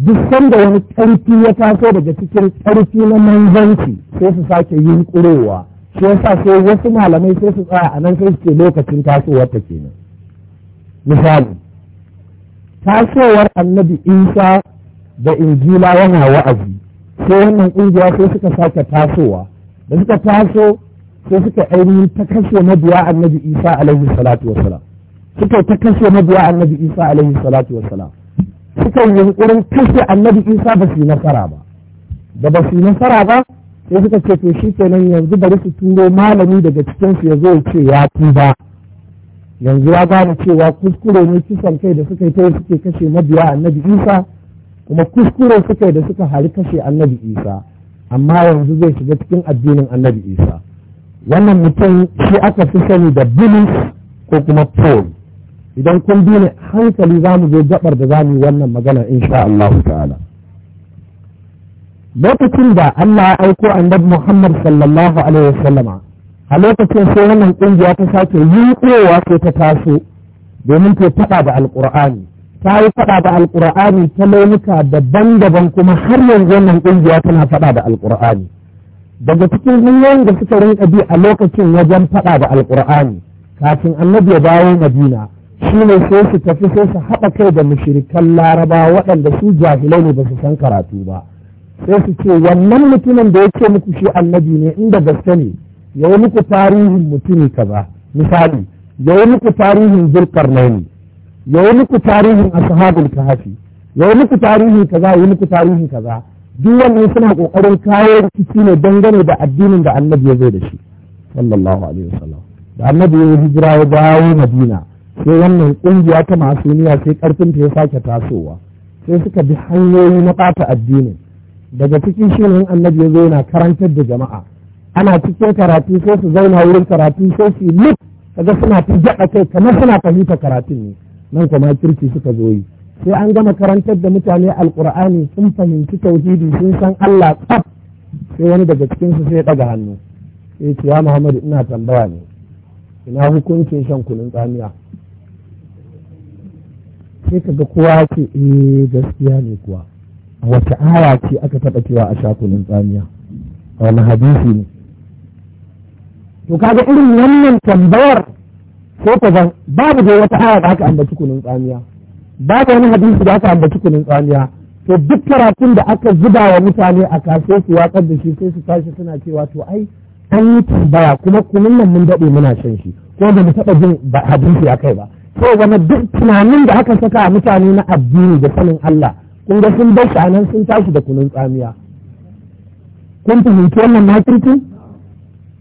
duk sanda wani ƙarfi ya taso daga cikin ƙarfi na manzanci sai su sake yunƙurowa shi yasa sai wasu malamai sai su tsaya a nan sai su ce lokacin tasowar ta kenan misali tasowar annabi isa da injila yana wa'azi sai wannan ƙungiya sai suka sake tasowa da suka taso sai suka ainihin ta kashe mabiya annabi isa alaihi salatu wasalam suka ta kashe mabiya annabi isa alaihi salatu wasalam suka yunkurin kashe annabi isa ba su nasara ba da ba su nasara ba sai suka ce to shi kenan yanzu bari su turo malami daga cikin cikinsu ya zo ce ya tuba yanzu ya gane cewa kuskure ne kisan kai da suka yi ta suke kashe mabiya annabi isa kuma kuskure suka yi da suka hari kashe annabi isa amma yanzu zai shiga cikin addinin annabi isa wannan mutum shi aka fi sani da bilis ko kuma pole idan kun bi ne hankali za mu zo gabar da za mu yi wannan magana insha Allah ta'ala lokacin da Allah ya aiko annabi Muhammad sallallahu alaihi wasallama a lokacin sai wannan kungiya ta sake kowa sai ta taso domin ta faɗa da alqur'ani ta yi faɗa da alqur'ani ta launuka daban-daban kuma har yanzu wannan kungiya tana faɗa da alqur'ani daga cikin hanyoyin da suka rinka bi a lokacin wajen faɗa da alqur'ani kafin annabi ya dawo Madina shi ne sai su tafi sai su haɗa kai da mushirikan laraba waɗanda su jahilai ne ba su san karatu ba sai su ce wannan mutumin da yake muku shi annabi ne inda gaske ne ya yi muku tarihin mutumi kaza misali ya yi muku tarihin zulkarnaini ya yi muku tarihin ashabul kahafi ya yi muku tarihin kaza ya yi muku tarihin kaza duk wannan suna kokarin kawo rikici ne dangane da addinin da annabi ya zo da shi sallallahu alaihi wasallam da annabi ya hijira ya dawo madina sai wannan ƙungiya ta masuniya sai ƙarfin ta ya sake tasowa sai suka bi hanyoyi na ɓata addinin daga cikin shirin annabi ya zo yana karantar da jama'a ana cikin karatu sai su zauna wurin karatu sai su yi kaga suna ta jaɗa kai kamar suna fahimta karatun ne nan kuma kirki suka zo yi sai an gama karantar da mutane alkur'ani sun fahimci tauhidi sun san Allah tsaf sai wani daga cikin su sai ɗaga hannu sai ce ya Muhammadu, ina tambaya ne ina hukuncin shan kunun tsamiya sai kaga kowa ce eh gaskiya ne kuwa wace aya ce aka taɓa cewa a shakulin tsamiya a wani hadisi ne to kaga irin wannan tambayar sai ka zan babu da wata aya da aka ambaci kunun tsamiya babu wani hadisi da aka ambaci kunun tsamiya to duk karatun da aka zuba wa mutane a kaso su watsar da shi sai su tashi suna cewa to ai an yi tambaya kuma kunin nan mun daɗe muna shan shi kuma ba mu taɓa jin hadisi a kai ba ko wani duk tunanin da aka saka a mutane na addini da sanin Allah kun ga sun bar nan sun tashi da kunun tsamiya kun fahimci wannan makirki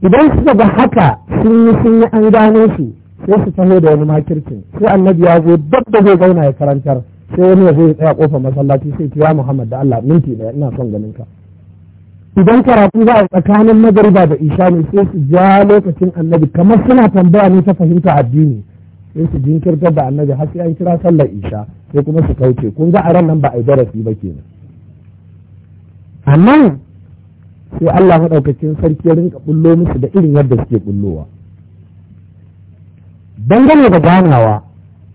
idan su ga haka sun yi sun yi an gano shi sai su taho da wani makirkin sai annabi ya zo duk da zai zauna ya karantar sai wani ya zo ya tsaya kofar masallaci sai ya Muhammad da Allah minti da ina son ganin ka idan karatu za a tsakanin magariba da isha ne sai su ja lokacin annabi kamar suna tambaya ne ta fahimta addini sai su jinkirtar da annabi har sai an kira sallar isha sai kuma su kauce kun ga a ran nan ba a yi darasi ba kenan amma sai Allah maɗaukakin sarki ya rinka bullo musu da irin yadda suke bullowa dangane da ganawa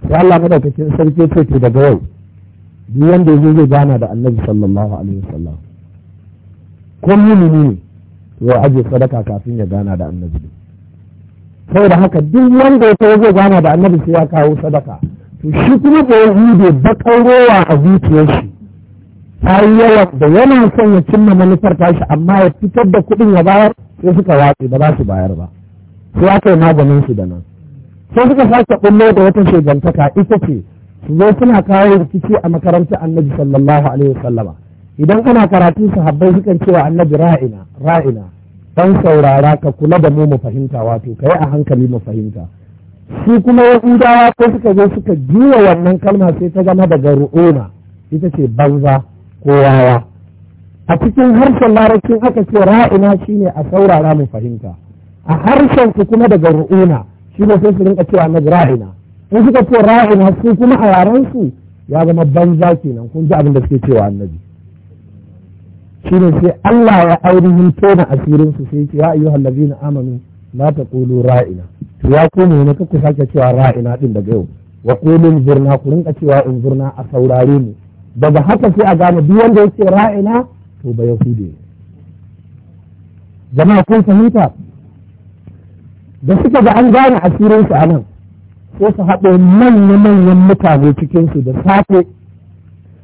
sai Allah maɗaukakin sarki ya ce daga yau duk wanda yake zai gana da annabi sallallahu alaihi wasallam ko mu ne to aje sadaka kafin ya gana da annabi da haka duk wanda ya tawo zai gana da annabi sai ya kawo sadaka to shi kuma da ya yi da rowa a zuciyar shi ta yi yawa da yana son ya cimma manufar tashi amma ya fitar da kuɗin ya bayar sai suka watsi ba za su bayar ba sai aka yi maganin su da nan sai suka sake ɓullo da wata shegantaka ita ce su zo suna kawo rikici a makarantar annabi sallallahu alaihi wasallama idan ana karatu sahabbai sukan cewa annabi ra'ina ra'ina dan saurara ka kula da mu mu fahimta wato kai a hankali mu fahimta shi kuma yahudawa ko suka zo suka juya wannan kalma sai ta zama daga ru'una ita ce banza ko wawa a cikin harshen larabcin aka ce ra'ina shine a saurara mu fahimta a harshen su kuma daga ru'una shine sai su rinka cewa na ra'ina in suka ce ra'ina su kuma a yaran su ya zama banza kenan kun ji abin da suke cewa annabi ne sai Allah ya ainihin tona asirin su sai ya ayyuhal na amanu la kulu ra'ina to ya koma ne kuka sake cewa ra'ina din daga yau wa kulun zurna ku rinka cewa in zurna a saurare mu daga haka sai a gane duk wanda yake ra'ina to ba yahudi ne jama'a kun fahimta da suka ga an gane asirin su nan sai su haɗo manya-manyan mutane cikinsu da safe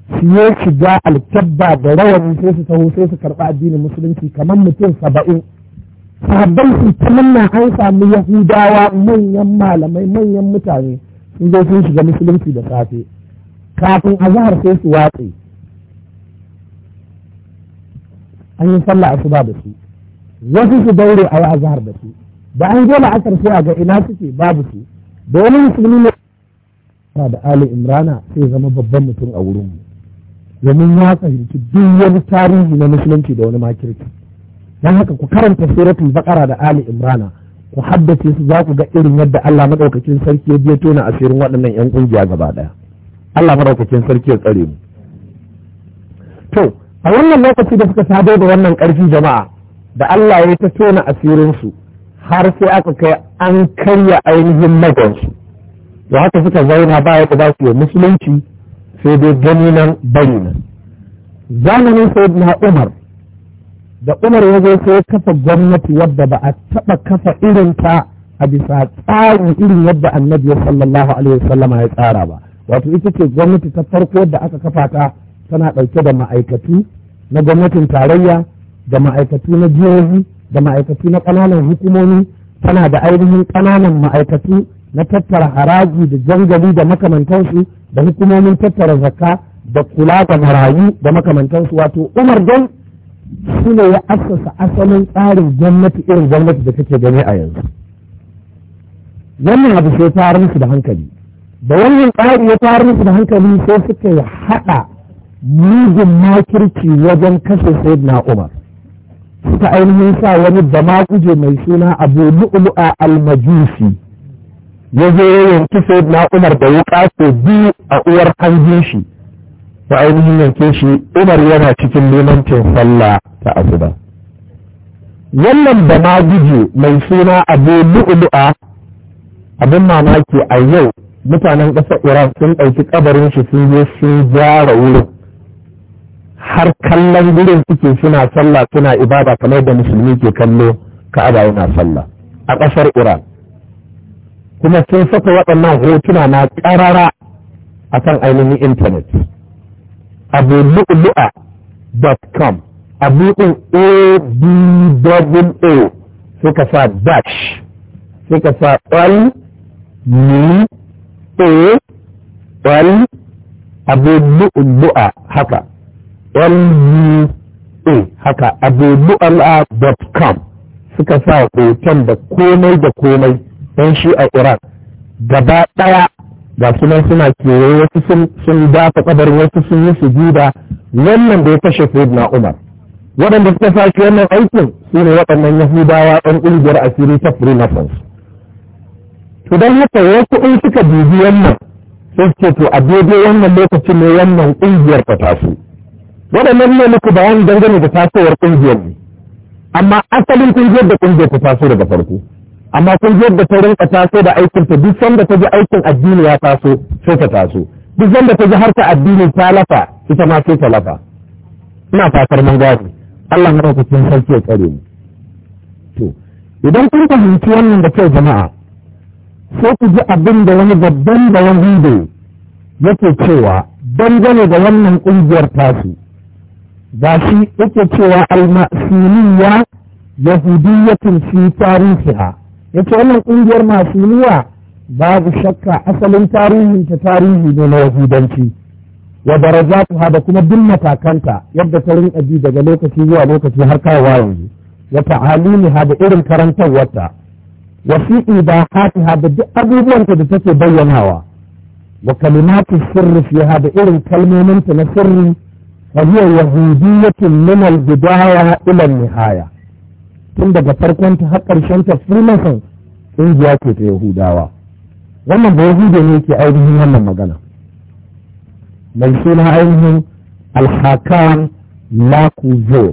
siye shiga alkyabba da rawani sai su taho sai su karɓi addinin musulunci kamar mutum saba'in sahabbai su tamanna an samu yahudawa manyan malamai manyan mutane sun zo sun shiga musulunci da safe kafin azahar sai su watse an yi sallah asuba da su wasu su daure a yi azahar da su da an zo la'asar sai a ga ina suke babu su da wani musulmi da ali imrana sai zama babban mutum a wurinmu domin ya fahimci duk wani tarihi na musulunci da wani makirci don haka ku karanta suratul bakara da ali imrana ku haddace su za ku ga irin yadda Allah madaukakin sarki ya biya tona asirin waɗannan yan ƙungiya gaba daya Allah madaukakin sarki ya tsare mu to a wannan lokaci da suka sadar da wannan karfi jama'a da Allah ya ta tona asirin su har sai aka kai an karya ainihin magansu da haka suka zauna baya ku ba su musulunci sai dai gani nan bari nan zamanin sai na umar da umar ya zo sai kafa gwamnati wadda ba a taɓa kafa irin ta a bisa tsarin irin yadda annabi sallallahu alaihi wasallama ya tsara ba wato ita ce gwamnati ta farko da aka kafa ta tana ɗauke da ma'aikatu na gwamnatin tarayya da ma'aikatu na jihohi da ma'aikatu na ƙananan hukumomi tana da ainihin ƙananan ma'aikatu na tattara haraji da jangali da makamantansu da hukumomin tattara zakka da kula da marayu da makamantansu wato umar don su ne ya asasa asalin tsarin gwamnati irin gwamnati da take gani a yanzu wannan abu sai tarin su da hankali da wannan tsari ya tarin su da hankali sai suka yi haɗa mugun makirci wajen kashe na umar suka ainihin sa wani da mai suna abu lu'lu'a al-majusi ya zo ya yanki sai na umar da wuƙa sau biyu a uwar hanjin shi ta ainihin yanke shi umar yana cikin limancin sallah ta asuba wannan da ma guje mai suna abu lu'lu'a abin mamaki a yau mutanen ƙasar iran sun ɗauki ƙabarin shi sun je sun zara wurin har kallon gurin suke suna sallah suna ibada kamar da musulmi ke kallo ka'aba yana sallah a ƙasar iran kuma sun saka waɗannan hotuna na ƙarara a kan ainihin intanet abu lu'lu'a.com abu ɗin o sai ka sa dash sai ka sa l ni o e, l abu lu'lu'a haka l u a haka abu suka sa hoton da komai da komai don shi a Iran gaba ɗaya ga nan suna kewaye wasu sun dafa kabarin wasu sun yi sujuda wannan da ya kashe na Umar waɗanda suka sake wannan aikin su ne waɗannan Yahudawa ɗan ƙungiyar asiri ta Freemasons to don haka wasu in suka dubi wannan sai ce to a daidai wannan lokacin ne wannan ƙungiyar ta taso waɗannan ne muku bayani dangane da tasowar ƙungiyar ne amma asalin ƙungiyar da ƙungiyar ta taso daga farko amma kun da ta ka taso da aikin ta duk sanda ta ji aikin addini ya taso sai ta taso duk sanda ta ji harka addini ta lafa ita ma sai ta lafa ina fatar mun gane Allah madaukakin sarki ya tsare mu to idan kun fahimci wannan da kyau jama'a sai ku ji abin da wani babban da wani da yake cewa dangane da wannan kungiyar tasu ga shi yake cewa almasiniya yahudiyatun fi tarihiha yake wannan ƙungiyar masuniya babu shakka asalin tarihin ta tarihi ne na yahudanci wa darajatuha da kuma duk matakanta yadda ta rinka ji daga lokaci zuwa lokaci har kawo yanzu wa ta'alimiha da irin karantarwarta wa fi ibahatiha da duk abubuwan da take bayyanawa wa kalimatu sirri fiha da irin kalmominta na sirri fa hiya yahudiyatun min al-bidaya ila nihaya tun daga farkon ta har ƙarshen ta freemason ƙungiya ce ta yahudawa wannan ba yahuda ne ke ainihin wannan magana mai suna ainihin alhakan lakuzo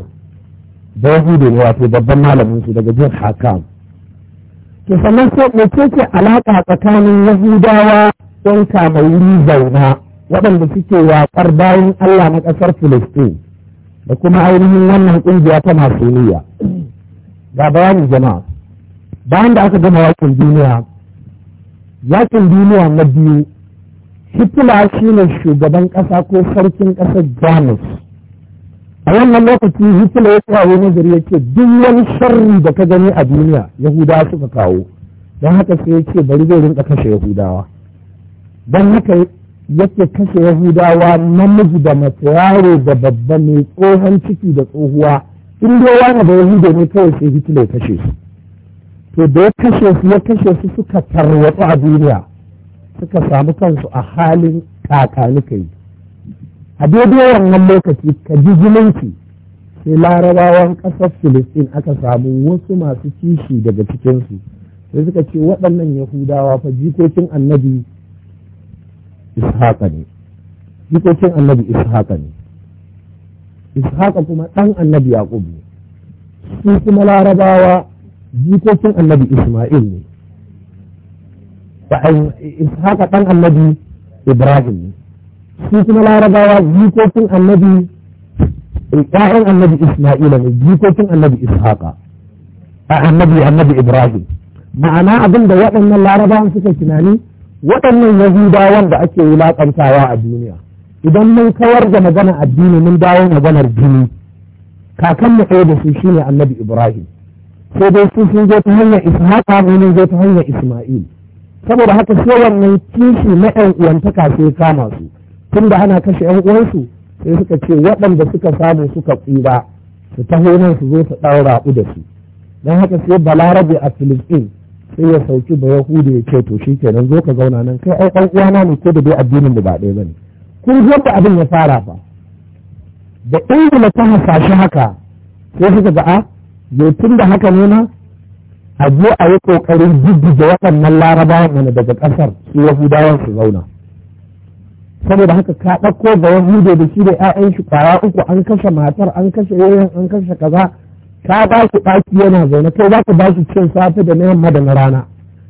ba yahuda ne wato babban malamin su daga jin hakan to sannan sai ce alaƙa tsakanin yahudawa ɗan mai zauna waɗanda suke waƙar bayan allah na ƙasar filistin da kuma ainihin wannan ƙungiya ta masoniya ga bayani jama'a bayan da aka gama yakin duniya yakin duniya na biyu hitler shi ne shugaban ƙasa ko sarkin ƙasar jamus a wannan lokaci hitler ya kawo nazari ya ce duk wani sharri da ka gani a duniya yahudawa suka kawo don haka sai ya ce bari zai rinka kashe yahudawa don haka yake kashe yahudawa namiji da mace yaro da babba mai tsohon ciki da tsohuwa in dai wani da yahuda ne kawai sai hitler ya kashe su to da ya kashe su ya kashe su suka tarwatsu a duniya suka samu kansu a halin kakani kai a daidai wannan lokaci ka ji zumunci sai larabawan ƙasar filistin aka samu wasu masu kishi daga cikinsu sai suka ce waɗannan yahudawa fa jikokin annabi ishaƙa ne ishaqa kuma ɗan annabi yaqub ne su kuma larabawa jikokin annabi isma'il ne ishaqa ɗan annabi ibrahim ne su kuma larabawa jikokin annabi ƴaƴan annabi isma'ila ne jikokin annabi ishaqa a annabi annabi ibrahim ma'ana abin da waɗannan larabawan suka tunani waɗannan yahudawan da ake wulaƙantawa a duniya idan mun kawar da magana addini mun dawo maganar jini kakan mu ɗaya da su shine annabi ibrahim sai dai su sun zo ta hanyar ishaqa mun zo ta hanyar isma'il saboda haka sai wannan kishi na ƴan uwantaka sai kama su Tun da ana kashe ƴan uwansu sai suka ce waɗanda suka samu suka tsira su taho nan su zo su ɗaura ku da su don haka sai balarabe a filistin sai ya sauki ba yahudu ya ce to shi kenan zo ka zauna nan kai ai ɗan uwana ne ko da dai addinin mu ba ɗaya ba ne. kun yadda abin ya fara ba da ingila ta hasashi haka sai suka ga a ah, yau tun da haka ne na a zo a yi kokarin da waɗannan larabawan mana daga ƙasar su yahudawan su zauna saboda haka ka ɗauko ga yahudu da shi da 'ya'yan shi kwaya uku an kashe matar an kashe yayin an kashe kaza ka ba shi ɗaki yana zaune kai za ka ba shi cin safe da na yamma da na rana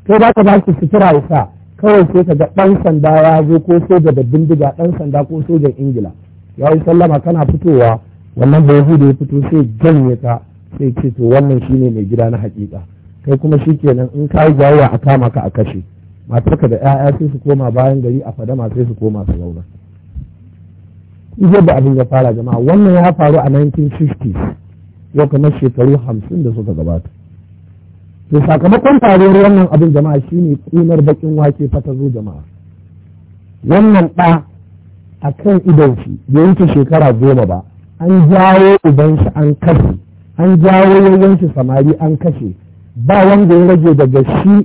kai za ka ba su sutura isa kawai sai ka ga ɗan sanda ya zo ko soja da bindiga ɗan sanda ko sojan ingila ya yi sallama kana fitowa wannan bai da ya fito sai janye ka sai ce to wannan shine mai gida na hakika kai kuma shi kenan in ka yi jawo a kama ka a kashe matarka da 'ya'ya sai su koma bayan gari a fadama sai su koma su zauna da abin ya fara jama'a wannan ya faru a 1950 yau kamar shekaru hamsin da suka gabata to sakamakon faruwar wannan abin jama'a shine kunar bakin wake fa ta zo jama'a wannan da a kan idon shi bai wuce shekara goma ba an jawo uban shi an kashe an jawo yayin shi samari an kashe ba wanda ya rage daga shi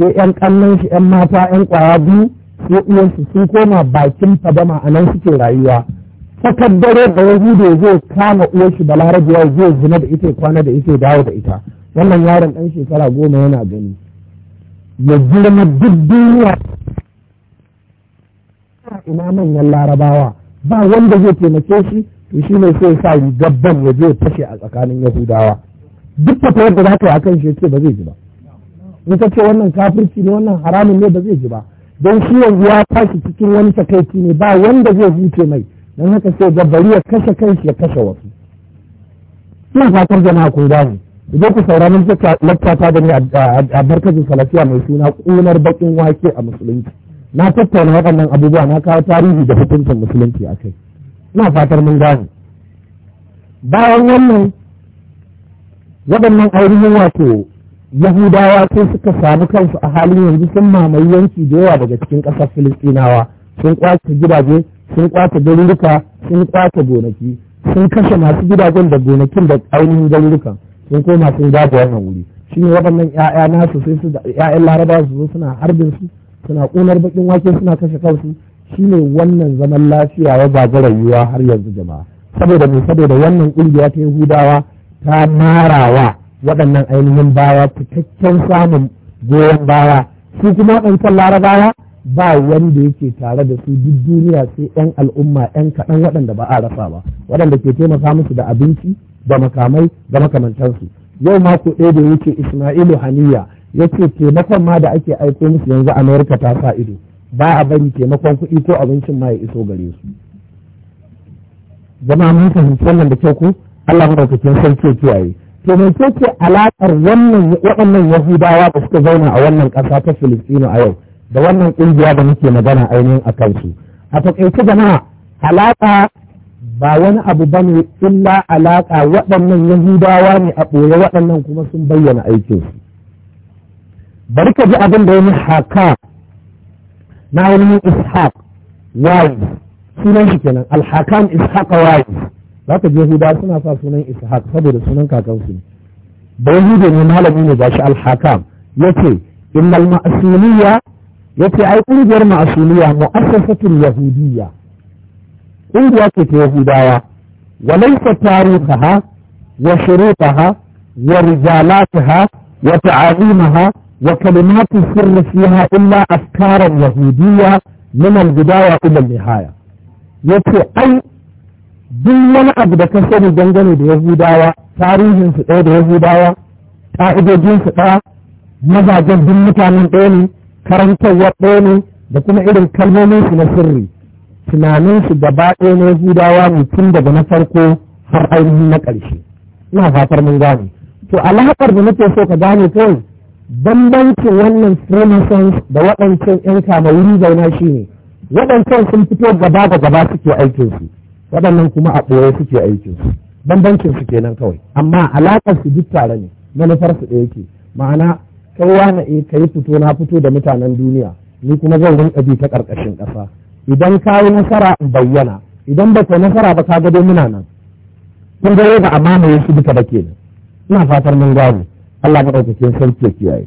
sai yan kannan shi yan mata yan kwaya biyu sai uwansu sun koma bakin fadama a nan suke rayuwa sakar dare da yahudu zai kama uwar shi balarabiya zai zina da ita kwana da ita dawo da ita wannan yaron ɗan shekara goma yana gani ya girma duk duniya ina manyan larabawa ba wanda zai taimake shi to shi ne sai sa gabban ya je tashe a tsakanin yahudawa duk fatawar da za ka yi akan shi ce ba zai ji ba in ka ce wannan kafirci ne wannan haramun ne ba zai ji ba don shi yanzu ya tashi cikin wani takaici ne ba wanda zai huce mai don haka sai gabari ya kashe shi ya kashe wasu ina fatar jama'a kun gane idan ku saurari lakcata da ni a barkacin salafiya mai suna kunar bakin wake a musulunci na tattauna waɗannan abubuwa na kawo tarihi da hukuncin musulunci a kai ina fatar mun gane bayan wannan waɗannan ainihin wato yahudawa sai suka samu kansu a halin yanzu sun mamaye yanki da yawa daga cikin ƙasar filistinawa sun kwace gidaje sun kwace garuruka sun kwace gonaki sun kashe masu gidajen da gonakin da ainihin garurukan sun koma sun gaba wannan wuri shi ne waɗannan ƴaƴa nasu sai su ƴaƴan laraba su zo suna harbin su suna ƙunar bakin wake suna kashe kansu shi ne wannan zaman lafiya ya gagara rayuwa har yanzu jama'a saboda me saboda wannan ƙungiya ta yahudawa ta marawa waɗannan ainihin baya fitaccen samun goyon baya su kuma waɗancan larabawa ba wanda yake tare da su duk duniya sai 'yan al'umma 'yan kaɗan waɗanda ba a rasa ba waɗanda ke taimaka musu da abinci da makamai da makamantansu yau mako ɗaya da wuce ismailu haniya ya ce taimakon ma da ake aiko musu yanzu amerika ta sa ido ba a bari taimakon kuɗi ko abincin ma ya iso gare su zama mun fahimci wannan da kyau ku. allah madaukakin sarki kiyaye to mai ce alaƙar wannan waɗannan yahudawa da suka zauna a wannan ƙasa ta filistino a yau da wannan ƙungiya da muke magana ainihin a kansu a taƙaice jama'a alaƙa ba wani abu ba ne illa alaƙa waɗannan yahudawa ne a ɓoye waɗannan kuma sun bayyana su bari ka ji abin da wani haka na wani ishaq wayi sunan shi kenan alhakan ishaq wayi za ka ji yahudawa suna sa sunan ishaq saboda sunan kakansu ne da yahudu ne malami ne gashi alhakam yace innal ma'asuniya yace ai ƙungiyar ma'asuniya mu'assasatul yahudiyya ƙungiya ce ta yahudawa wa laysa tarihaha wa shurutaha wa rijalataha wa ta'alimaha wa kalimatu sirri fiha illa afkaran yahudiyya min al-bidaya ila al-nihaya yace ai duk wani abu da ka sani dangane da yahudawa tarihin su ɗaya da yahudawa ka'idojin su ɗaya mazajen duk mutanen ɗaya ne karantarwa ɗaya ne da kuma irin kalmomin su na sirri tunaninsu gaba ɗaya na yahudawa ne tun daga na farko har ainihin na ƙarshe ina fatar mun gane to alaƙar da nake so ka gane kawai bambancin wannan freemasons da waɗancan yan kama zauna shi ne waɗancan sun fito gaba da gaba suke aikinsu waɗannan kuma a ɓoye suke aikinsu bambancin su kenan kawai amma alaƙar su duk tare ne manufar su ɗaya ke ma'ana kai wani e eh, kai fito na fito da mutanen duniya ni kuma zan rinka bi ta ƙarƙashin ƙasa idan ka yi nasara in bayyana idan ba ka nasara ba ka gado muna nan kun ga ba amma mai shi duka ba kenan ina fatar mun gane Allah maɗaukakin sarki ya kiyaye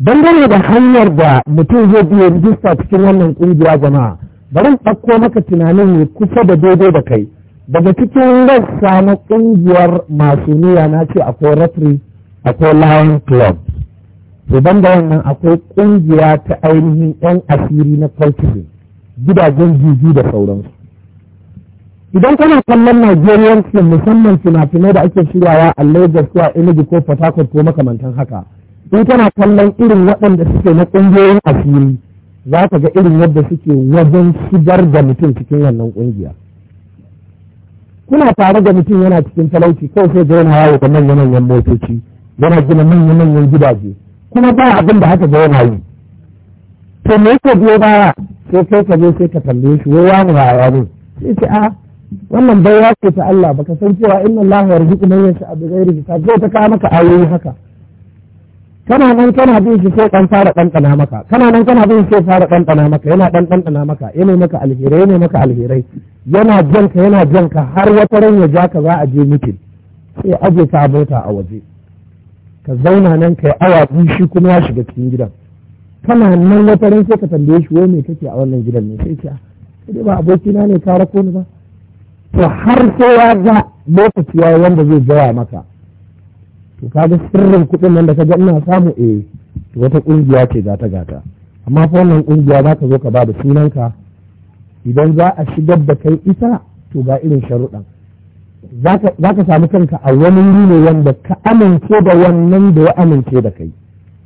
dangane da hanyar da mutum zai biya rijista cikin wannan ƙungiya jama'a bari in ɗauko maka tunanin ne kusa da daidai da kai daga cikin rassa na ƙungiyar masu niyya na ce akwai rotary akwai lion club to da wannan akwai ƙungiya ta ainihin yan asiri na cultism gidajen jiji da sauransu idan kana kallon Najeriyan film musamman fina-finai da ake shiryawa a Lagos ko a Enugu ko Port Harcourt ko makamantan haka in kana kallon irin waɗanda suke na ƙungiyoyin asiri za ka ga irin yadda suke wajen shigar da mutum cikin wannan ƙungiya kuna tare da mutum yana cikin talauci kawai sai ga yana yawo da manya-manyan motoci yana gina manya-manyan gidaje kuma ba abin da haka ga yana yi to me yake biyo baya sai kai ka zo sai ka tambaye shi wai wani raya ne sai ce a ah, wannan ya ce ta Allah baka san cewa inna Allah yarzuqu man yasha bi ghairi hisab zai ta kawo maka ayoyi haka kana nan kana bin shi sai kan fara ɗanɗana maka kana nan kana bin sai fara ɗanɗana maka yana dan ɗanɗana maka yana maka alherai yana maka alherai yana janka yana janka har wata ran ya ja ka za a je mutum. sai aje ka mota a waje ka zauna nan kai awa shi kuma ya shiga cikin gidan kana nan wata ran sai ka tambaye shi wai me kake a wannan gidan ne sai ce sai ba abokina ne ka rako ni ba to har sai ya ga lokaci ya wanda zai gaya maka to kaga sirrin kuɗin nan da ka ga ina samu eh to wata ƙungiya ce gata gata amma fa wannan ƙungiya za ka zo ka ba da sunanka idan za a shigar da kai ita to ga irin sharuɗan za ka samu kanka a wani wuri ne wanda ka amince da wannan da ya amince da kai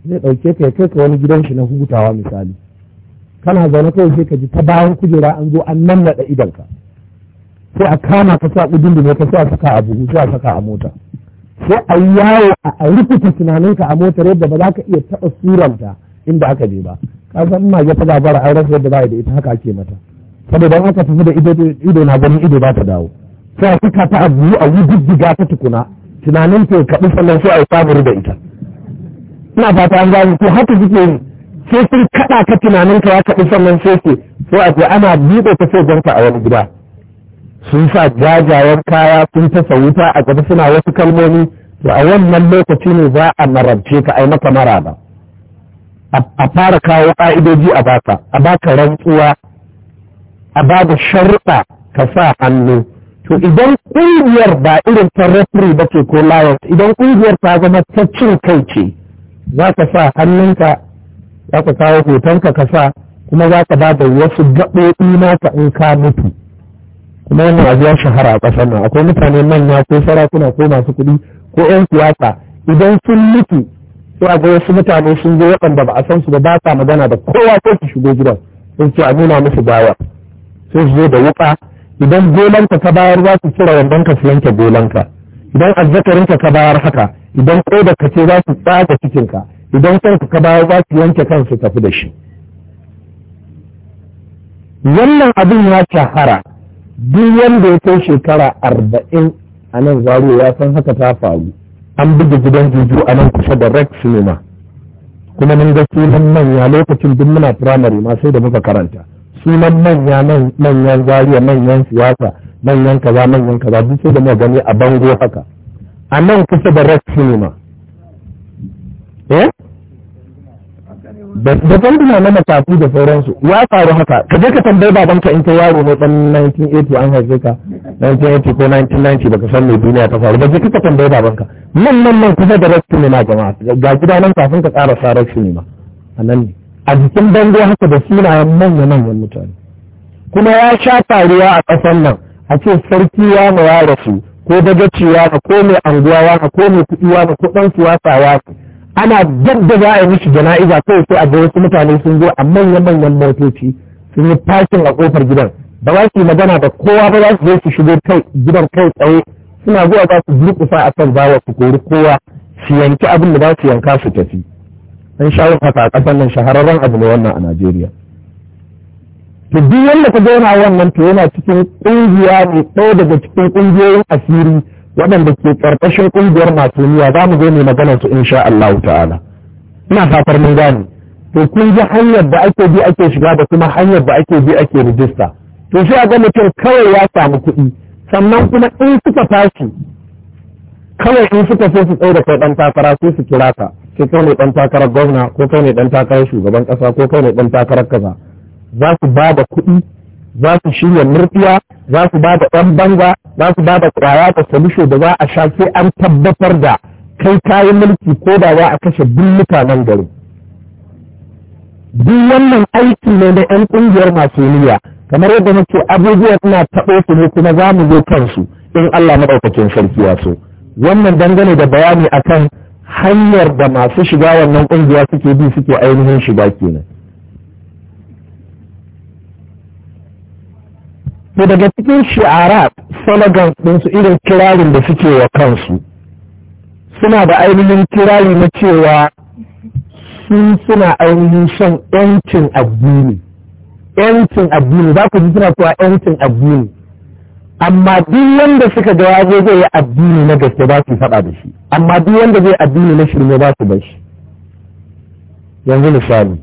zai ɗauke ka ya kai ka wani gidan shi na hutawa misali kana zaune kawai sai ka ji ta bayan kujera an zo an nan idan ka. sai a kama ka sa ƙudin da ka sa saka a buhu sai a saka a mota sai a yawo a rufuta ka a motar yadda ba za ka iya taɓa suranta inda aka je ba ka san ina ya ta bara an rasa yadda za a da ita haka ake mata saboda an aka tafi da ido na ganin ido ba ta dawo sai a saka ta a buhu a wujujjiga ta tukuna tunanin ka ya kaɗu sannan sai a yi samuri da ita ina fata an gane to haka suke yi sai sun kaɗa ka tunanin ka ya kaɗi sannan sai ke sai a ce ana biɗe ta sai ganka a wani gida sun sa jajayen kaya sun tasa wuta a gaba suna wasu kalmomi to a wannan lokaci ne za a marabce ka ai maka ba. a fara kawo ƙa'idoji a baka a baka rantsuwa a bada sharuɗa ka sa hannu to idan ƙungiyar ba irin ta referee ba ce ko lions idan ƙungiyar ta zama ta cin kai ce za ka sa hannunka za ka kawo hotonka ka sa kuma za ka ba da wasu gaɓoɓi naka in ka mutu kuma yana abu ya shahara a ƙasar nan akwai mutane manya ko sarakuna ko masu kuɗi ko 'yan siyasa idan sun mutu sai a ga wasu mutane sun zo waɗanda ba a san su ba ba sa magana da kowa ko su shigo gidan sun ce a nuna musu bawa. sai su zo da wuƙa idan golanka ka bayar za su cire wandon ka su yanke golanka idan azzakarinka ka bayar haka idan ko da kace za su tsaga cikinka idan kanka ka baya za su yanke kansu tafi da shi wannan abin ya shahara duk wanda ya kai shekara arba'in a nan zaro ya san haka ta faru an buga gidan juju a nan kusa da rex cinema kuma mun ga sunan manya lokacin duk muna firamare ma sai da muka karanta sunan manya manyan zariya manyan siyasa manyan kaza manyan kaza duk sai da muka gani a bango haka a nan kusa da Rex Cinema. Eh? Da kanduna na matafi da sauransu, ya faru haka, ka je ka tambayi babanka in ta yaro ne ɗan 1980 an haife ka, 1980 ko 1990 baka san mai duniya ta faru, ba je ka tambayi babanka. Nan nan nan kusa da Rex Cinema jama'a, ga gida nan kafin ka ƙara sa Rex Cinema. A nan ne. A jikin bango haka da sunayen manya-manyan mutane. Kuma ya sha faruwa a ƙasar nan, a ce sarki ya ma ya rasu, ko dagaciwa na ko mai anguwawa na ko mai kuɗiwa na ko ɗan suwasawa ana da za a yi mishi jana'iza kawai sai a ga wasu mutane sun zo a manyan manyan motoci sun yi fashin a kofar gidan ba za su magana da kowa ba za su zo su shigo kai gidan kai tsaye suna zuwa za su durƙusa a kan bawa su kori kowa su yanki abin da za su yanka su tafi an shawo haka a ƙasar nan shahararren abu ne wannan a Najeriya. to duk wanda ka zauna wannan to yana cikin ƙungiya ne ɗaya daga cikin ƙungiyoyin asiri waɗanda ke ƙarƙashin ƙungiyar masu masoniya za mu zo mai magana su insha Allah ta'ala ina fatar mun gane to kun ji hanyar da ake bi ake shiga da kuma hanyar da ake bi ake rijista to sai a ga mutum kawai ya samu kuɗi sannan kuma in suka tashi kawai in suka so su tsaye da kai ɗan takara sai su kira ka sai kai ne ɗan takarar gwamna ko kai ne ɗan takarar shugaban ƙasa ko kai ne ɗan takarar kaza za su ba da kuɗi za su shirya murfiya za su ba da ɗan banza za su ba da ƙwaya da salisho da za a sha sai an tabbatar da kai kayan mulki ko da za a kashe duk mutanen garin duk wannan aikin ne na 'yan ƙungiyar masu niyya kamar yadda nake abubuwa suna taɓo su ne kuma za mu zo kansu in Allah maɗaukakin sarki ya so wannan dangane da bayani akan hanyar da masu shiga wannan ƙungiya suke bi suke ainihin shiga kenan to daga cikin shi'ara slogan ɗinsu irin kirarin da suke wa kansu suna da ainihin kirari na cewa sun suna ainihin shan 'yancin addini yancin addini za ku ji suna kuwa yancin addini amma duk wanda suka ga waje zai yi addini na gaske ba su faɗa da shi amma duk wanda zai addini na shirme ba su bar shi yanzu misali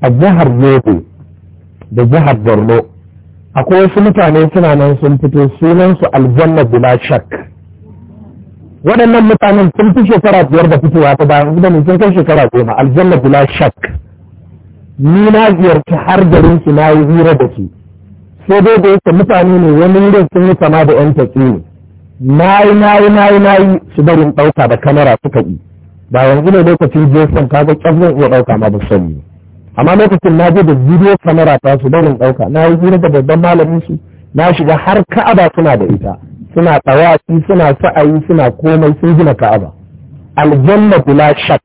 a jihar Yobe da jihar Borno akwai wasu mutane suna nan sun fito sunansu aljanna bila shak waɗannan mutanen sun fi shekara biyar da fitowa ta bayan gudanin sun kai shekara goma aljanna bila shak ni na ziyarci har garin su na yi hira da su sai dai da yake mutane ne wani wurin sun yi kama da yan taƙi ne na yi na yi na yi na yi su barin ɗauka da kamera suka yi ba yanzu ne lokacin jesan kaga ƙyar zan iya ɗauka ma ba sani amma lokacin na je da video kamera ta su barin ɗauka na yi hira da babban malamin su na shiga har ka'aba suna da ita suna tawaki suna sa'ayi suna komai sun gina ka'aba aljanna la shak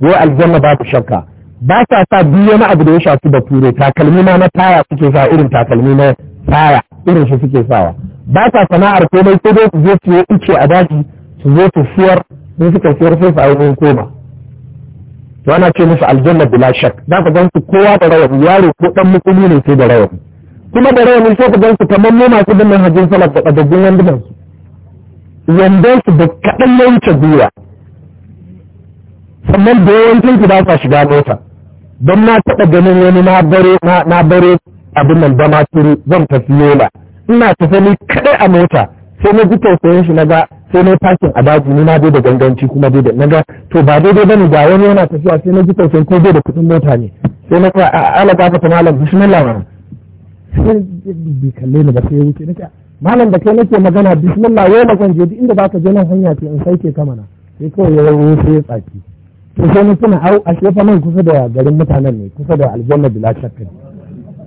wai aljanna ba ku shakka ba ta sa duk wani abu da ya shafi da ture takalmi ma na taya suke sa irin takalmi na taya irin shi suke sawa ba ta sana'ar komai sai dai su je su yi ice a daji su zo su siyar sun suka siyar sai su ainihin koma to ana ce musu aljanna bila shak za ka gansu kowa da rawani yaro ko dan mukumi ne sai da rawani kuma da rawani sai ka gansu kamar mu masu dinnan hajjin salat da kadaddun wandunan su wandon su da kaɗan ya wuce gwiwa sannan da yawancin su ba sa shiga mota don na taɓa ganin wani na bare na bare abin nan da turu zan tafi yola ina tafi ni kaɗai a mota sai na ji tausayin shi na ga sai na fashin a daji ni na dai da ganganci kuma dai da na ga. to ba daidai bane ga wani yana tafiya sai na ji tausayin ko dai da kudin mota ne sai na fara ala gafa ta malam bismillah malam sai bi kalle ni ba sai wuce nake malam da kai nake magana bismillah yau na zan je duk inda zaka je nan hanya ce in sai ke na. sai kawai ya rawo sai ya tsaki to sai na tuna au a shefa nan kusa da garin mutanen ne kusa da aljanna bila shakka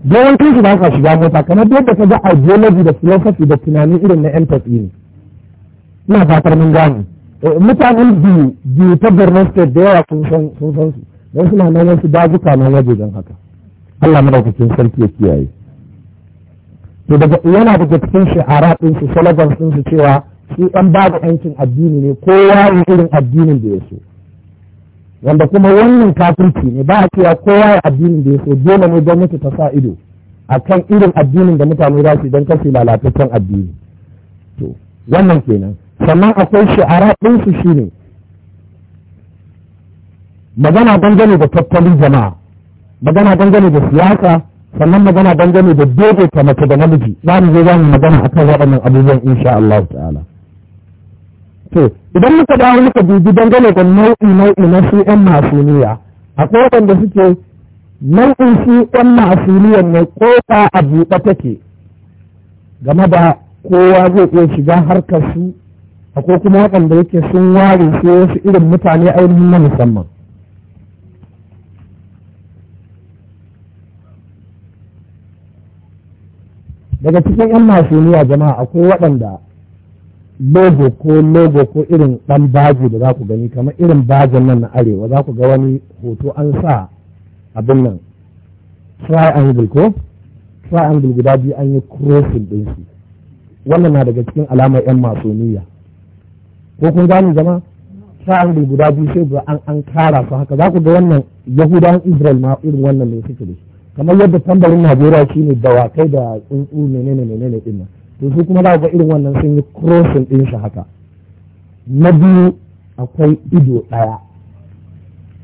yawancin su ba ka shiga mota kamar yadda ka ga ideology da philosophy da tunani irin na empathy ne ina fatar mun gane eh, mutanen biyu biyu ta Borno state da yawa sun san sun san su don suna nan wasu dajuka nan waje don haka Allah madaukakin sarki ya kiyaye to daga yana daga cikin shi'ara din su slogans din su cewa su an ba da yancin addini ne kowa ne irin addinin da ya so wanda kuma wannan kafirci ne ba a cewa kowa ya addinin da ya so dole ne gwamnati ta sa ido kan irin addinin da mutane za su don kashe lalataccen addini to wannan kenan sannan akwai shi'ara ɗinsu shine magana dangane da tattalin jama'a magana dangane da siyasa sannan magana dangane da daidaita mace da namiji za mu zo za mu magana akan waɗannan abubuwan insha Allah ta'ala to idan muka dawo muka dubi dangane da nau'i nau'i na su yan masuniya akwai waɗanda suke nau'in su yan masuniyan ne kofa a buɗe take game da kowa zai iya shiga harkar su akwai kuma waɗanda yake sun ware su wasu irin mutane ainihin na musamman daga cikin yan masuniya jama'a akwai waɗanda logo ko logo ko irin ɗan baji da za ku gani kamar irin bajin nan na arewa za ku ga wani hoto an sa abin nan triangle ko triangle guda biyu an yi crossing din su wannan na daga cikin alamar yan masoniya ko kun gani zama triangle guda biyu sai ga an an kara su haka za ku ga wannan yahudawan israel ma irin wannan ne suke da kamar yadda tambarin najeriya shine dawakai da tsuntsu menene menene din nan to su kuma za ga irin wannan sun yi crossing din shi haka na biyu akwai ido ɗaya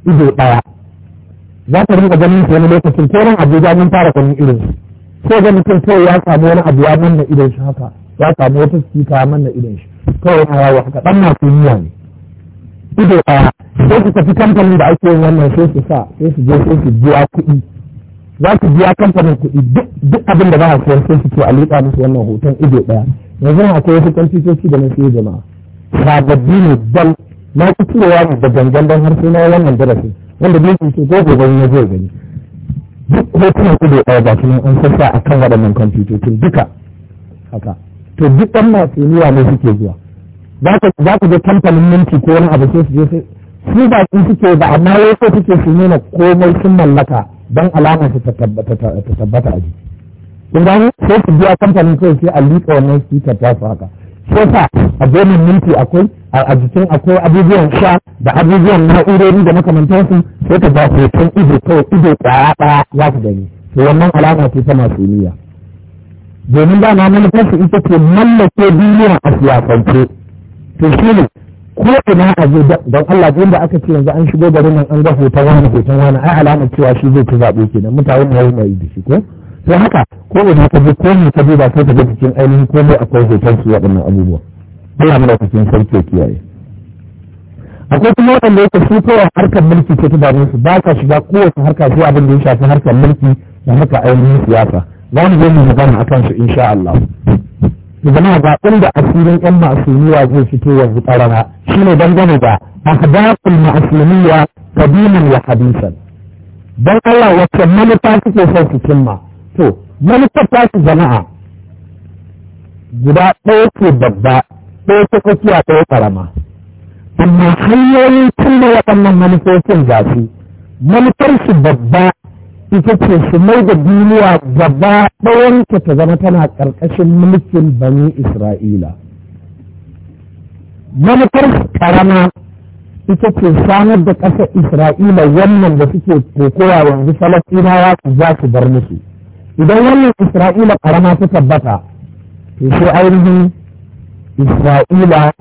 ido ɗaya za ka rinka ganin su wani lokacin ko nan abuja mun fara ganin irin su ko ga mutum kawai ya samu wani abu ya manna irin shi haka ya samu wata sika ya manna irin shi kawai yana yawo haka dan masu yi ne ido ɗaya sai su tafi kamfanin da ake yin wannan sai su sa sai su je sai su biya kuɗi za su biya kamfanin kuɗi duk abin da ba a sayar sai su ce a liƙa musu wannan hoton ido ɗaya yanzu akwai wasu kwamfutoci da na sai jama'a sababbi ne dan na ku turowa ne da gangan don har sai na wannan darasin. wanda bai ce ko gobe ne zai gani duk hotunan ido ɗaya ba su an sassa a kan waɗannan kwamfutocin duka haka to duk ɗan masu niwa ne suke zuwa za ku ga kamfanin minti ko wani abu sai su je su ba su suke ba amma wai ko suke su nuna komai sun mallaka don su ta tabbata a jiki in gano sai su biya kamfanin kawai sai a liƙa wannan sitar ta su haka sai sa a gomin minti akwai a jikin akwai abubuwan sha da abubuwan na'urori da makamantansu sai ta ba hoton ido kawai ido kwaya ɗaya za ku gani to wannan alama ce ta masu niyya domin dama su ita ce mallake duniya a siyasance to shi ne ko ina a zo don Allah ko da aka ce yanzu an shigo garin nan an ga hoton wani hoton wani ai alama cewa shi zai ci zaɓe kenan mutane ne mai da shi ko to haka ko ina ka je ko ne ka je ba sai ka ga cikin ainihin komai akwai hoton su waɗannan abubuwa Allah mana cikin sarki ya kiyaye akwai kuma waɗanda yake su kowa harkar mulki ce ta dare su ba ka shiga kowace harka shi abin da ya shafi harkar mulki da haka ainihin siyasa za mu zo mu magana akan su insha Allah zama ga inda asirin yan ma'asumiya zai fito yanzu karara shine dangane da ahdathul ma'asumiya qadiman wa hadisan dan Allah wacce manufa suke son su cimma to manufar ta su jama'a guda ɗaya ce babba ɗaya ta tsakiya ɗaya karama amma hanyoyin cimma waɗannan manufofin za su manufar su babba ita ce su mai da duniya gaba ɗayanta ta zama tana ƙarƙashin mulkin bani isra'ila manufar karama ita ce samar da ƙasar isra'ila wannan da suke kokowa yanzu falastinawa su za su bar musu idan wannan isra'ila karama ta tabbata to sai ainihin isra'ila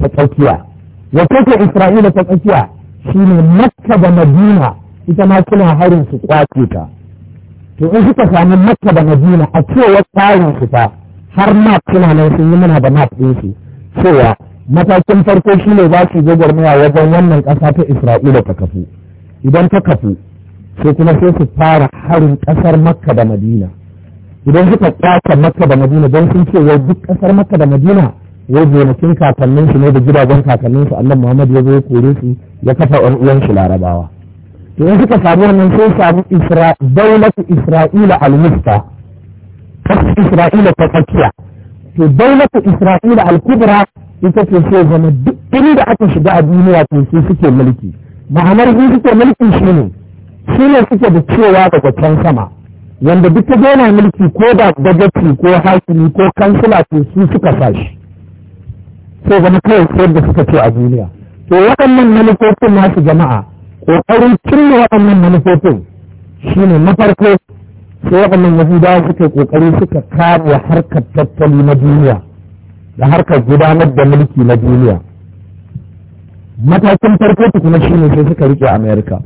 ta tsakiya wacce isra'ila ta tsakiya shine makka da madina ita ma suna harin su kwace ta to in suka samu makka da madina a cewa tsarin su fa har map suna nan sun yi mana da map ɗin su cewa matakin farko shi ne za su gwarmaya wajen wannan kasa ta isra'ila ta kafu idan ta kafu sai kuma sai su fara harin ƙasar makka da madina idan suka kwace makka da madina don sun ce wai duk ƙasar makka da madina wai gonakin kakanninsu ne da gidajen kakanninsu annabi muhammad ya zo ya kore su ya kafa uwan shi larabawa idan suka samu wannan sai samu daulatu isra'ila al-musta isra'ila ta tsakiya to daulatu isra'ila al-kubra ita ce sai zama duk inda aka shiga a duniya to sai suke mulki ma'anar su suke mulki shine shine suke da cewa da sama wanda duk ta na mulki ko da gwamnati ko hakimi ko kansila to su suka sa sai zama kawai sai da suka ce a duniya to waɗannan manufofi nasu jama'a ƙoƙarin cimma waɗannan manufofin shi ne na farko sai waɗannan yahudawa suka ƙoƙari suka kare harkar tattali na duniya da harkar gudanar da mulki na duniya matakin farko tukuna shi ne sai suka riƙe amerika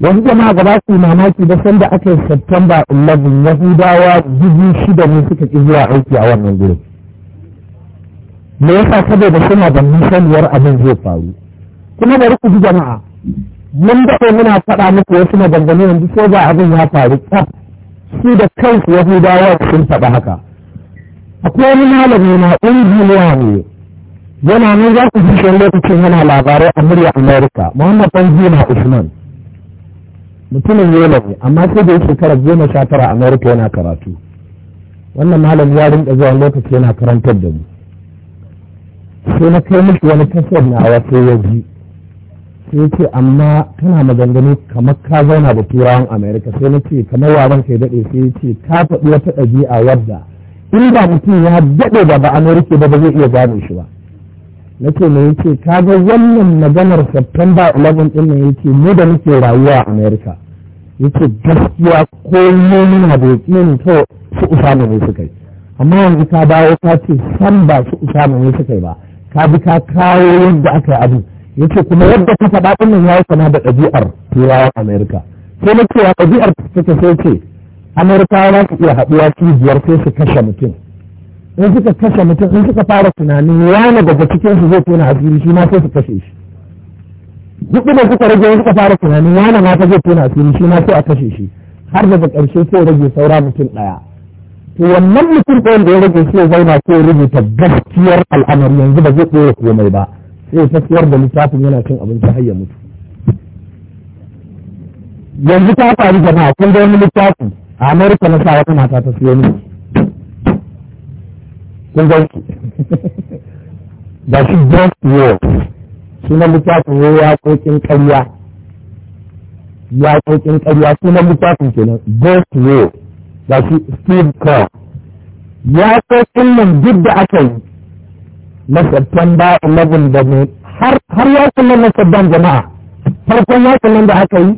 wasu jama'a gaba su mamaki da sanda aka yi september 11 yahudawa dubu shida ne suka ƙi zuwa aiki a wannan gurin me yasa saboda suna da nisaniyar abin zai faru kuma bari ku ji jama'a mun dafa muna faɗa muku wasu maganganu yanzu ko ga abin ya faru tsaf su da kansu yahudawa sun faɗa haka akwai wani malami na injiniya ne yana nan za ku ji shan lokacin yana labarai a murya amerika muhammad banjima usman mutumin yola ne amma sai da shekara goma sha tara amerika yana karatu wannan malam ya rinka zuwa lokaci yana karantar da mu sai na kai mishi wani kasar na wasu ya sai ce amma tana maganganu kamar ka zauna da turawan amerika sai nace kamar waban kai daɗe sai ce ka faɗi wata ɗabi'a wadda in ba mutum ya daɗe ba ba amerika ba ba zai iya gane shi ba nace me yace ka ga wannan maganar september 11 ɗin nan yace mu da muke rayuwa a amerika yace gaskiya ko mu muna da su usama ne suka yi amma yanzu ka dawo ka ce san ba su usama ne suka yi ba ka bi ka kawo yadda aka yi abu yace kuma yadda ka faɗa din nan yayi kama da ɗabi'ar turawan Amerika sai na cewa ɗabi'ar ta ta sai ce Amerikawa za su iya haɗuwa cibiyar sai su kashe mutum in suka kashe mutum in suka fara tunanin wani daga cikin su zai tona asiri shi ma sai su kashe shi duk da suka rage in suka fara tunanin wani ma ta zai tona asiri shi ma sai a kashe shi har daga ƙarshe sai rage saura mutum ɗaya to wannan mutum ɗayan da ya rage sai zauna sai rubuta gaskiyar al'amari yanzu ba zai ɗora komai ba sai tafiyar da littafin yana cin abinci har ya mutu yanzu ta faru jama'a kun ga wani littafi a amurka na sa wata mata ta siyo miki kun ga shi da [laughs] shi war sunan littafin ya karya ƙarya yaƙoƙin ƙarya sunan littafin kenan war da shi steve kerr yaƙoƙin nan duk da aka yi na September 11 da ne har ya nan na sabban jama'a farkon ya nan da aka yi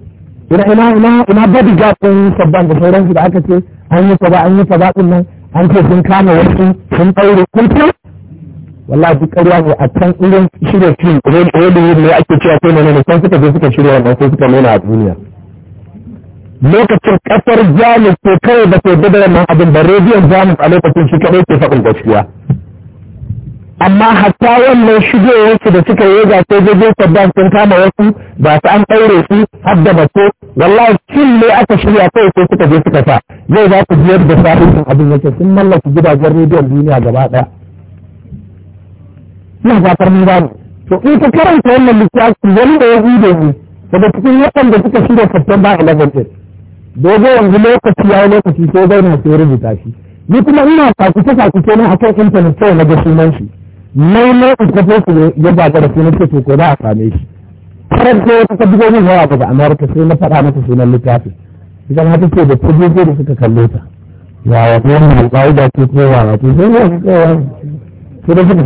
ina ina ina ina badi gafin sabban da sauransu da aka ce an yi ba an yi ba din nan an ce sun kama wasu sun ɗaure kun ce wallahi duk ƙarya ne a can irin shirya film Hollywood ne ake cewa kai mana ne kan suka je suka shirya wannan sai suka nuna a duniya lokacin kasar jamus ko kawai ba ta da wannan abin da rediyon jamus a lokacin shi kaɗai ke faɗin gaskiya amma hatta wannan wasu da suka yi ga sojojin saddam sun kama wasu ba su an ɗaure su har da bato wallahi cin ne aka shirya kai sai suka je suka sa zai za ku biyar da sahihin abin yake sun mallaki gidajen rediyon duniya gaba ɗaya ina fatar mu gane to in ka karanta wannan littafi wani da ya hude ni daga cikin da suka shirya September 11 din dogo yanzu lokaci ya yi lokaci sai zai na sai rubuta shi ni kuma ina fakuce fakuce ne akan intanet sai na ga sunan shi lailai in kwafo su ya ba da su na ce ko za a same shi farar ko wata ta bugo min waya daga amurka sai na faɗa mata sunan littafi idan haka ce da da suka kalle ta ya sai sai da suka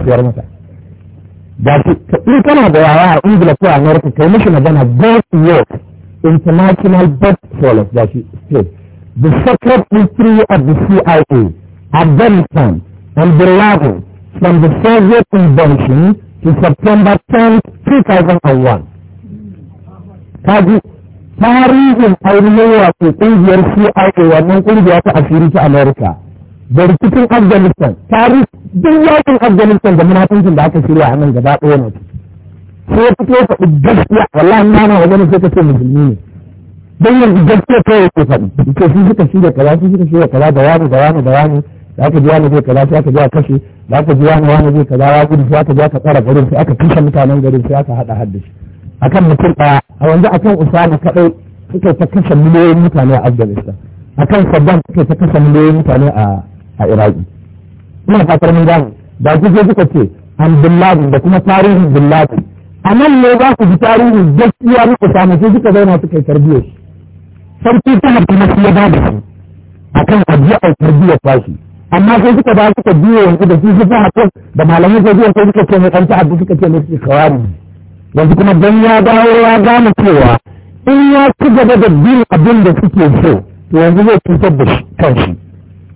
siyar mata da su in kana da yawa a ingila ko amurka kai magana international scholars da shi state the secret history of the cia afghanistan and the from the Soviet invention to September 10, 2001. Kaji, tarihin ainihin wato ƙungiyar CIA wannan ƙungiya ta asiri ta Amerika Bari cikin Afghanistan, tarihi duk yakin Afghanistan da munafincin da aka shirya a nan gaba ɗaya na ne. Sai fito faɗi gaskiya, wallahi na na wajen sai ka ce musulmi ne. Don yanzu gaskiya kawai ke faɗi, ita shi suka shirya kaza, shi suka shirya kaza da wani da wani da wani. za ka ji wani zai kaza sai aka ji kashe za ka ji wani wani zai kaza ya gudu sai aka ji aka tsara garin sai aka kashe mutanen garin sai aka haɗa haddashi akan mutum ɗaya a yanzu akan usama kaɗai suke ta kashe miliyoyin mutane a afghanistan akan saddam suke ta kashe miliyoyin mutane a iraki ina fatar mun gane da kuke suka ce an bin da kuma tarihin bin a nan ne za ku ji tarihin gaskiya na usama sai suka zauna suka yi tarbiyyar sarki ta hafi na siya ba da su akan ajiyar tarbiyyar fashi amma sai suka ba suka biyo yanzu da su suka hakan da malamai sai biyo sai suka ce mai kanta abu suka ce mai kawari yanzu kuma dan ya dawo ya gane cewa in ya ci gaba da bin abin da suke so to yanzu zai cutar da kanshi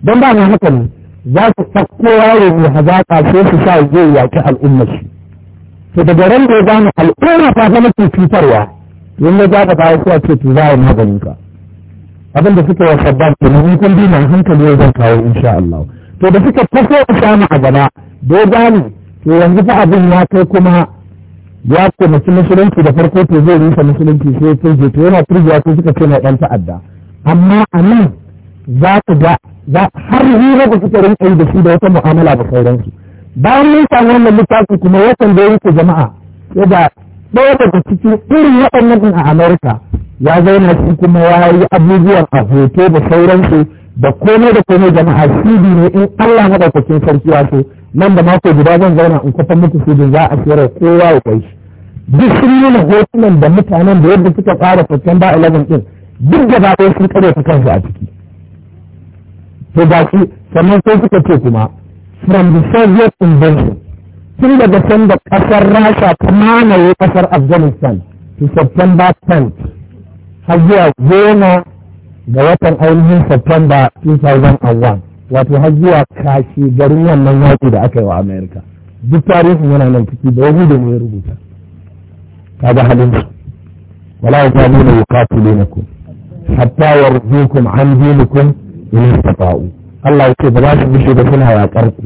don ba na haka ne za su sako yaro mai hazaka sai su sa zai yaƙi al'ummar shi to daga ran da ya gane al'umma ta zama ke cutarwa yanzu za ka dawo kuwa ce to za a yi maganin ka. abin da suka wasa ba da mun kun nan hankali ya zan kawo insha Allah to da suka fito samu a gaba dogani to yanzu fa abin ya kai kuma ya kumaci musulunci da farko to zai rusa musulunci sai ya turje to yana turjewa to suka ce mai dan ta'adda amma a nan za ku ga za har hira da suka rinka yi da shi da wata mu'amala da sauransu bayan mun samu wannan littafi kuma watan da yake jama'a ya da ɗaya daga cikin irin waɗannan a Amurka ya zauna shi kuma ya yi abubuwan a hoto da sauransu da komai da komai jama'a sidi ne in allah maɗaukakin sarki wato nan da mako guda zan zauna in kafa muku cd za a siyar kowa ya kai shi duk sun hotunan da mutanen da yadda suka fara september 11 din duk da ɗaya sun kare ta kansu a ciki to ga shi sannan sai suka ce kuma from the soviet invention tun daga can da ƙasar rasha ta mamaye ƙasar afghanistan to september 10 har zuwa goma ga watan ainihin September 2001 wato har zuwa kashi garin wannan yaƙi da aka yi wa Amerika duk tarihin yana nan ciki da wani da ya rubuta kaga halin su wala yakaluna yuqatilunakum hatta yarzukum an dinikum in istata'u Allah ya ce ba za su bishe da suna yaƙar ku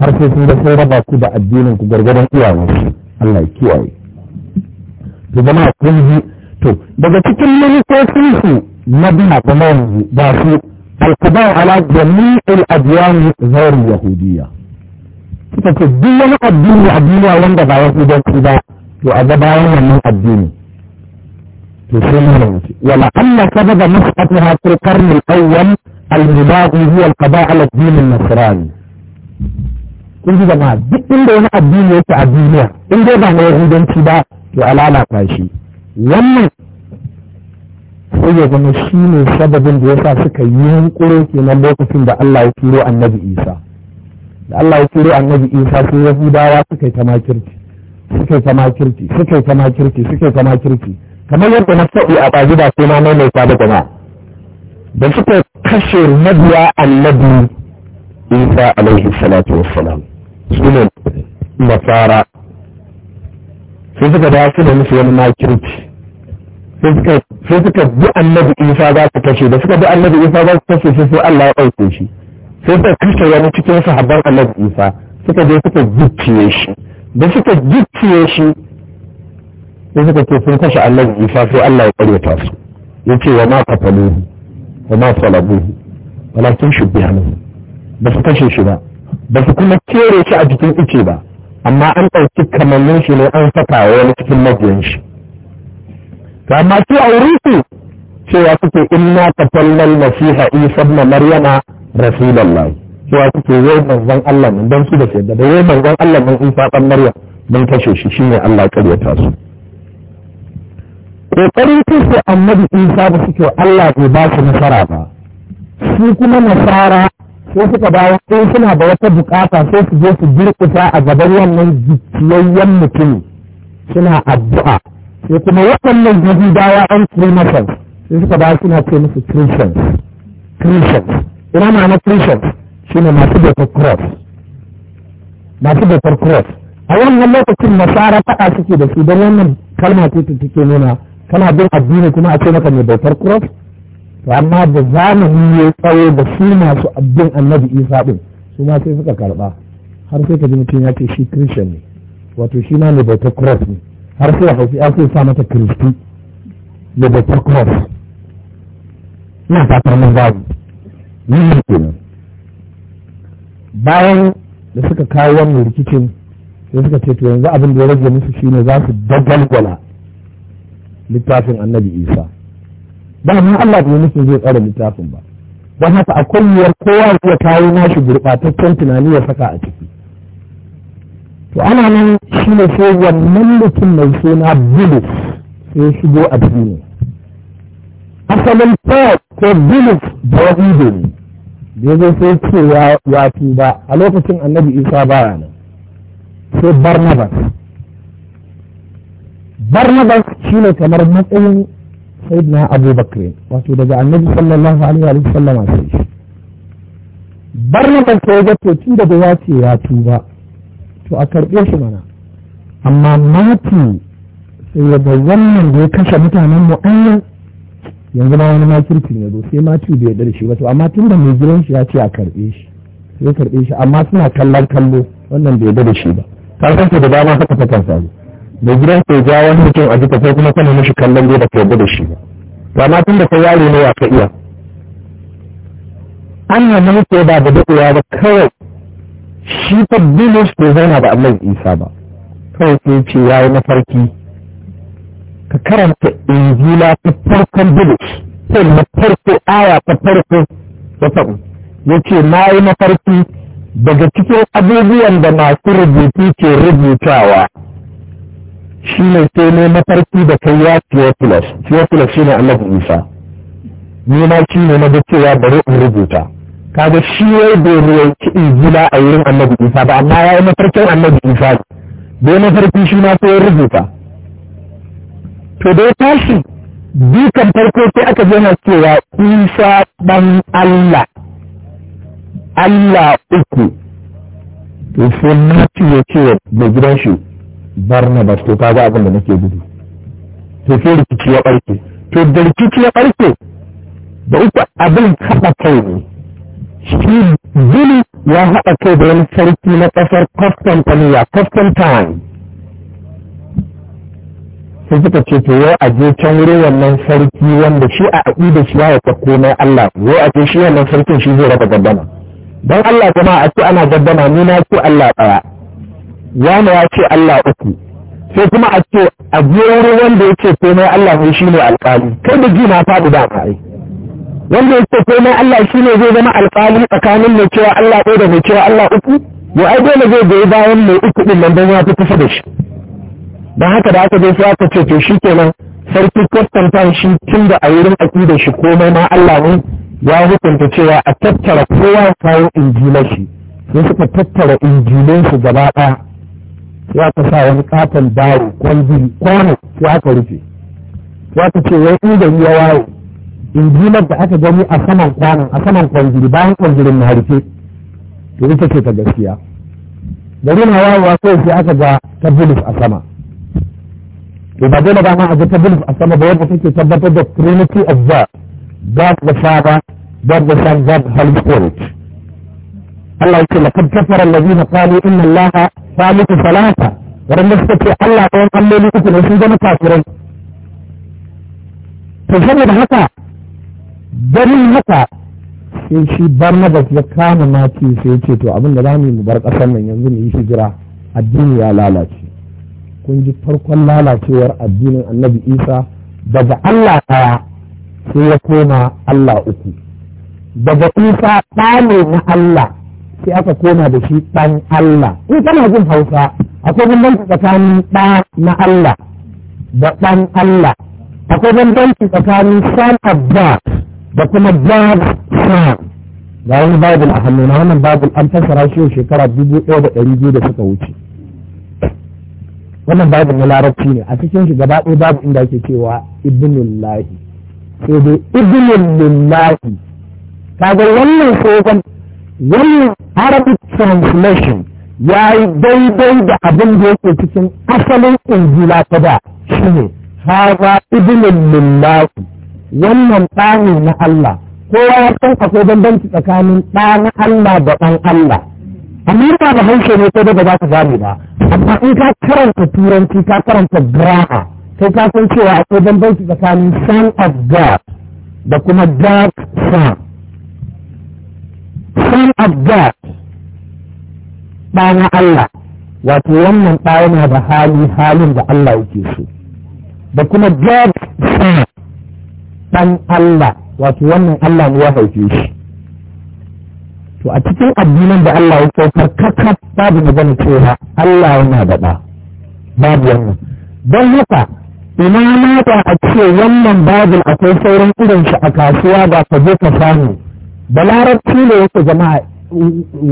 har sai sun da sun raba ku da addinin ku gargadan iyawarsu Allah ya kiyaye to jama'a kun to daga cikin manufofin su na biya kuma yanzu ba su tattaban ala jami'ul adiyani zauri yahudiya suka ce duk wani addini a duniya wanda ba yahudanci ba to a ga bayan wannan addini to sai mu rubuce wala anna sababa masu fil qarn al-awwal al-mubadi huwa al-qada' ala ad-din an-nasrani kun ji jama'a duk inda wani addini yake a duniya in dai ba mai yahudanci ba to a lalata shi wannan sai ya zama shi ne sababin da ya sa suka yi hankuro kenan lokacin da Allah ya turo annabi Isa da Allah ya turo annabi Isa sai dawa suka yi ta makirci suka yi ta makirci suka yi ta makirci suka yi ta makirci kamar yadda na faɗi a ɗazu ba sai ma mai sabu gama. da suka kashe mabiya annabi Isa alaihi salatu wassalam su ne nasara sai suka dawa su da musu wani makirci sai suka bi annabi isa za su kashe da suka bi annabi isa za su kashe sai Allah ya ɗauke shi sai suka kashe wani cikin sahabban annabi isa suka je suka gicciye shi da suka gicciye shi sai suka ce sun kashe annabi isa sai Allah ya ta su ya ce wa ma faluhu wa ma salabuhu walakin biya lahu ba su kashe shi ba ba su kuma kere shi a jikin ice ba amma an ɗauki kamannin shi ne an saka wani cikin mabiyan shi ta amma su a wurin su cewa suke inna katallal masiha isa ibn maryama rasulullah cewa suke yau manzon Allah min dan su da ke da yau manzon Allah min isa faɗan maryam mun kashe shi shine Allah ta su kokarin kashe annabi isa su suke Allah bai ba su nasara ba su kuma nasara sai suka dawo sai suna da wata bukata sai su je su girkusa a gaban wannan giciyayyen mutum suna addu'a sai kuma waɗannan yahudawa an masar sai suka ba suna ce musu christians christians ina ma'ana christians shine masu bautar cross masu dokar cross a wannan lokacin nasara faɗa suke da su don wannan kalma ce ta take nuna kana bin addini kuma a ce maka mai bautar cross to amma da zamani ya tsawo da su masu abin annabi isa ɗin su ma sai suka karɓa har sai ka ji mutum ya ce shi christian ne wato shi ma mai bautar cross ne har sai hausi ya sai sa mata kristi da dr cross ina fatar mun babu yin kenan bayan da suka kawo wannan rikicin sai suka ce to yanzu abin da ya rage musu shine za su dagalgwala littafin annabi isa ba ma Allah bai musu zai tsara littafin ba don haka akwai yiwuwar kowa ya kawo nashi gurɓataccen tunani ya saka a ciki to ana nan shi ne sai wannan mutum mai suna bulus sai shigo a duniya asalin paul ko bulus da wani ne da zai sai ce ya ba a lokacin annabi isa baya nan sai barnabas barnabas shi ne kamar matsayin na abubakar wato daga annabi sallallahu alaihi wa sallama sai shi barnabas sai ya ce tun da ya ce ya tuba to a karɓe shi mana amma mati sai ya wannan da ya kashe mutanen mu'ayyan yanzu ma wani makirci ne zo sai mati bai yadda shi ba to amma tun da mai gidan shi ya ce a karɓe shi sai karɓe shi amma suna kallon kallo wannan bai yadda shi ba karfin da dama suka ta kansa ne mai gidan sai ja wani mutum a jika sai kuma kana mishi kallon gobe ka yadda da shi ba to amma tun da kai yaro ne ya ka iya an nan ko ba da daɗewa ba kawai shi fa Bulus bai zauna da Allah Isa ba kawai sai ce ya yi mafarki ka karanta injila ta farkon Bulus sai na farko aya ta farko ta faɗi ya ce na yi mafarki daga cikin abubuwan da masu rubutu ke rubutawa shi ne sai ne mafarki da kai ya Theophilus Theophilus shi ne Allah Isa ni ma shi ne na ga cewa bari in rubuta kaga shi wai bai ruwanci injila a wurin annabi isa ba amma ya yi mafarkin annabi isa bai mafarki shi ma sai ya rubuta to dai tashi dukan farko sai aka zama cewa isa dan allah allah uku to sai ci ya ce mai gidan shi barnabas to kaga abin da nake gudu to sai rikici ya ɓarke to da rikici ya ɓarke da uku abin haɗa kai ne shi zulu ya haɗa kai da wani sarki na ƙasar constantinople constantine sai suka ce to yau a je can wurin wannan sarki wanda shi a aƙida shi ya yata komai allah yau a je shi wannan sarkin shi zai raba gaddama don allah kuma a ce ana gaddama ni na ce allah ɗaya wani ya ce allah uku sai kuma a ce a je wurin wanda ya ce komai allah ne shi ne alƙali kai da ji na faɗi da ma'ai wanda yake komai Allah shi ne zai zama alfali tsakanin mai cewa Allah ɗaya da mai cewa Allah uku mu ai dole zai goyi bayan mai uku din nan don ya fi kusa da shi don haka da aka zai aka ce to shi kenan sarki kwastanta shi tun da a wurin aƙidar shi komai ma Allah ne ya hukunta cewa a tattara kowa kayan injilai shi sai suka tattara injilai su gaba ɗaya ya ka sa wani katon baro kwanziri kwano ya aka rufe ya ka ce wai inda ya waye injilar da aka gani a saman kwanan a saman kwanjiri bayan kwanjirin na harfe to ita ce ta gaskiya gari na wawa sai sai aka ga ta bulus a sama to ba dole ba ma a ga ta bulus a sama ba yadda take tabbatar da trinity of god god the father god the son god holy spirit Allah yake laqad kafara alladhina qalu inna allaha thalithu thalatha waɗanda suka ce Allah ɗayan alloli uku ne sun zama kafirai to saboda haka ganin haka sai shi barnabas ya kama maki sai ya ce to abin da zamu mu bar ƙasar nan yanzu mu yi hijira addini ya lalace kun ji farkon lalacewar addinin annabi isa daga allah ɗaya sai ya koma allah uku daga isa ɗa ne na allah sai aka koma da shi ɗan allah in kana jin hausa akwai bambanci tsakanin ɗa na allah da ɗan allah akwai bambanci tsakanin son of da kuma babu sa ga wani babul a hannuna wannan babul an fassara shi shekara dubu ɗaya da ɗari biyu da suka wuce wannan babul na larabci ne a cikin shi gaba ɗaya babu inda ake cewa ibnullahi sai dai ibnullahi kaga wannan sogon wannan arabic translation ya yi daidai da abin da yake cikin asalin injila ta da shi ne haza ibnullahi wannan ɗa na Allah kowa ya san akwai bambanci tsakanin ɗa Allah da ɗan Allah amma ba da haushe ne ko daga ba za ka gane ba amma in ka karanta turanci ka karanta gra'a sai ka san cewa akwai bambanci tsakanin son of God da kuma God son son of God ɗa na Allah wato wannan ɗa yana da hali halin da Allah yake so da kuma God son ɗan Allah wato wannan Allah ne ya haife shi to a cikin addinin da Allah ya saukar kakaf babu magana cewa Allah yana da ɗa babu wannan don haka ina na da a ce wannan babin akwai sauran irin shi a kasuwa ba ka je ka samu da larabci ne yake jama'a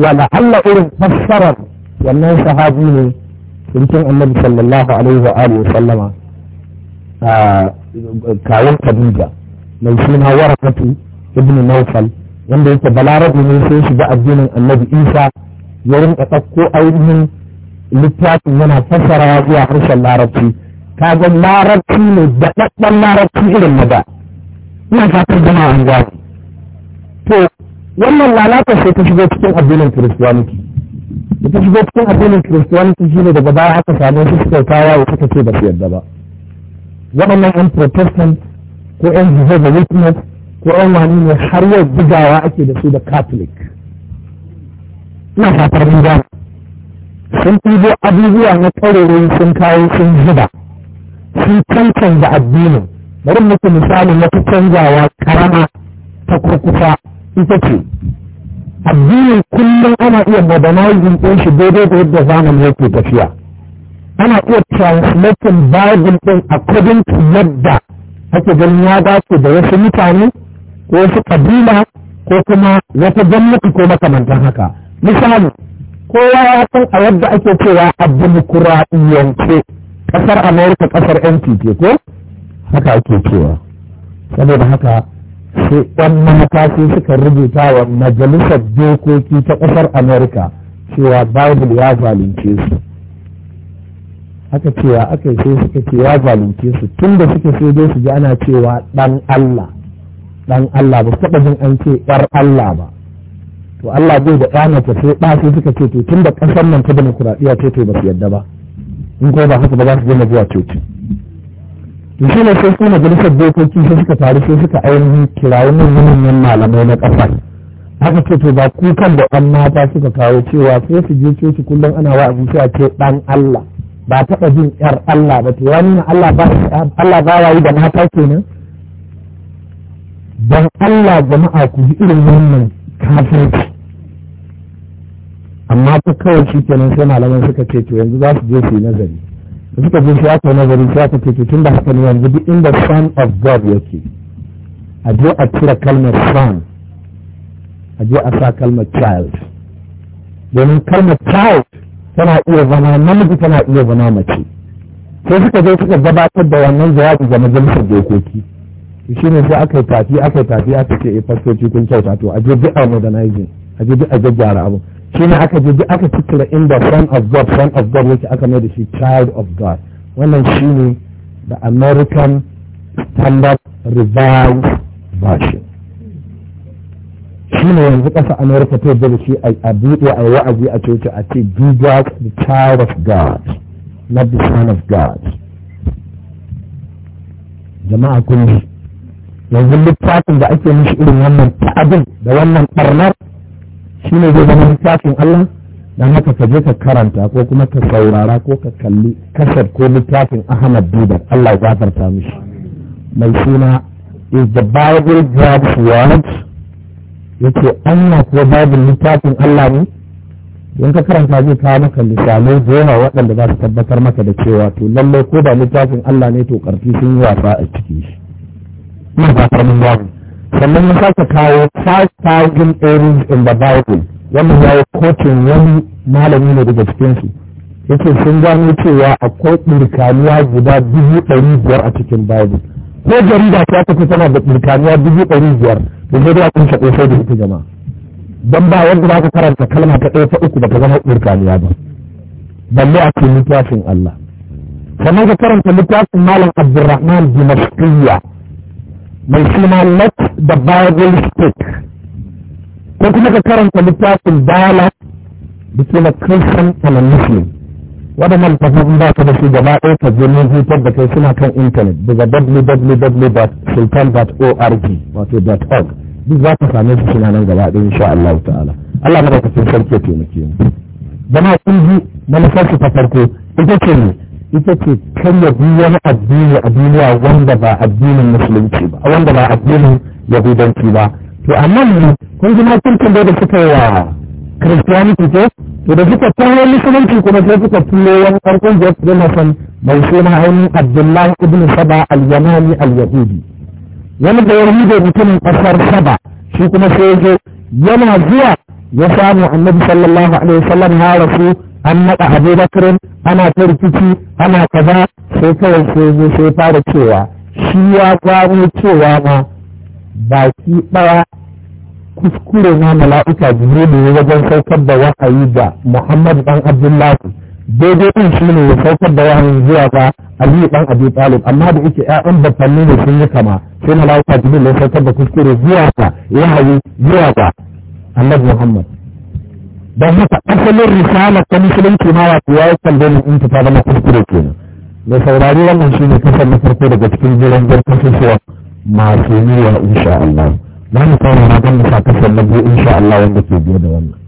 wala Allah irin fassarar wannan sahabi ne cikin annabi sallallahu alaihi wa alihi wa sallama kawun Khadija mai suna warqatu ibn nawfal wanda yake balarabi ne sai shiga addinin annabi isa ya rinka ɗauko ainihin littafin yana fassarawa zuwa harshen larabci kaga larabci ne da ɗaɗɗan larabci irin na da ina fatar jama'a an gane to wannan lalata sai ta shigo cikin addinin kiristiyaniki da ta shigo cikin addinin kiristiyaniki shine daga baya aka samu su suka kawo suka ce ba su yarda ba waɗannan yan protestant ko yan Jehovah Witness ko yan wani ne har yau bugawa ake da su da Catholic ina fatar mun gane sun ɗibo abubuwa na tsarorin sun kawo sun zuba sun da addinin bari muku misali na canzawa karama ta kurkusa ita ce addinin kullum ana iya modernizing ɗin shi daidai da yadda zamani yake tafiya ana iya translating bible ɗin a to yadda ake ganin ya dace da wasu mutane ko wasu kabila ko kuma wata gwamnati ko makamantan haka misali kowa ya san a yadda ake cewa a dimokuraɗiyyance ƙasar amurka ƙasar npp ko haka ake cewa saboda haka sai ɗan matashi suka rubuta wa majalisar dokoki ta ƙasar amurka cewa bible ya zalunce su aka cewa aka yi sai suka ce ya zalunce su tun da suka sai dai su ji ana cewa dan Allah dan Allah ba su jin an ce yar Allah ba to Allah zai da ɗa ta sai ba sai suka ce to tun da ƙasar nan ta demokuraɗiyya ce to ba su yadda ba in ko ba haka ba za su zama zuwa coci to shi ne sai su majalisar dokoki sai suka taru sai suka ainihin kirawo manyan malamai na ƙasar haka ce to ba kukan da ɗan mata suka kawo cewa sai su je coci kullum ana wa'azi sai a ce ɗan Allah ba taɓa jin yar Allah ba to yi Allah ba ya yi da mata kenan don Allah jama'a ku ji irin wannan kafirci amma ta kawai shi kenan sai malaman suka ce to yanzu za su je su yi nazari da suka je su aka nazari shi aka ce tun da haka ne yanzu duk inda son of God yake a je a cire kalmar son a je a sa kalmar child domin kalmar child tana iya zama namiji tana iya zama mace sai suka zo suka gabatar da wannan jawabi ga majalisar dokoki shi ne sai aka yi tafi aka yi tafi aka ce eh fastoci kun kyauta to a je duk a modernizing a je duk a gyaggyara abu shi ne aka je aka tattara inda son of god son of god yake aka mai da shi child of god wannan shi ne the american standard revised version shi ne yanzu ƙasa Amurka ta yadda shi a buɗe a wa'azi a coci a ce God the child of god not the son of god jama'a kun yanzu littafin da ake mishi irin wannan ta'abin da wannan ɓarnar shi ne zai zama littafin allah dan haka ka je ka karanta ko kuma ka saurara ko ka kalli kasar ko littafin ahmad Duba, allah ya gafarta mishi mai suna is the bible god's words yace Allah kuwa babu littafin Allah ne in ka karanta zai kawo maka misalai goma waɗanda za su tabbatar maka da cewa to lallai ko ba littafin Allah ne to ƙarfi sun yi wasa a ciki shi ina ba mun babu sannan ya sake kawo 5000 areas in the bible wannan ya yi kotun wani malami ne daga cikinsu yake sun gano cewa akwai ɗirkaniya guda dubu ɗari biyar a cikin bible ko jarida ta tafi tana da ɗirkaniya dubu ɗari biyar yanzu da kun shaƙo sai da ita jama'a don ba wanda za ka karanta kalma ta ɗaya ta uku ba ta zama burkaniya ba balle a cikin littafin Allah sannan ka karanta littafin malam Abdulrahman Dimashqiyya mai suna Let the Bible Speak ko kuma ka karanta littafin Dala between a Christian and a Muslim waɗannan tafafin ba ka da su gaba ɗaya ka je mun hutar da kai suna kan intanet daga www.sultan.org wato .org duk za ka same su suna nan gaba ɗaya insha Allah ta'ala Allah madaukakin sarki ya taimake mu jama'a kun ji manufar su ta farko ita ce ne ita ce karya duk wani addini a duniya wanda ba addinin musulunci ba wanda ba addinin yahudanci ba to amma ne kun ji makirkin da suka yi wa kiristiyaniti ko to da suka kullo musulunci kuma sai suka kullo wani farkon jeff jameson mai suna ainihin abdullahi ibn saba al-yamani al-yahudi wani da ya da mutumin kasar saba shi kuma sai ya yana zuwa ya samu annabi sallallahu alaihi wasallam ya rasu an naɗa abubakar ana ta rikici ana kaza sai kawai sai zo sai fara cewa shi ya gano cewa ma baki ɗaya kuskure na mala'ika jibrilu ne wajen saukar da wahayi ga muhammad dan abdullahi daidai ɗin shi ne ya saukar da wahayin zuwa ga aliyu dan abi talib amma da yake ƴaƴan bakanni da sun yi kama sai malaika jibril ya saukar da kuskure zuwa ga ya hawi zuwa ga annabi muhammad don haka asalin risala ta musulunci ma wato ya yi kalle mu in ta zama kuskure kenan da saurari wannan shi ne kasar na farko daga cikin jiran jirgin susuwa masu yiwa insha Allah. Za mu samu na gan mu sa kasar na biyu insha Allah wanda ke biye da wannan.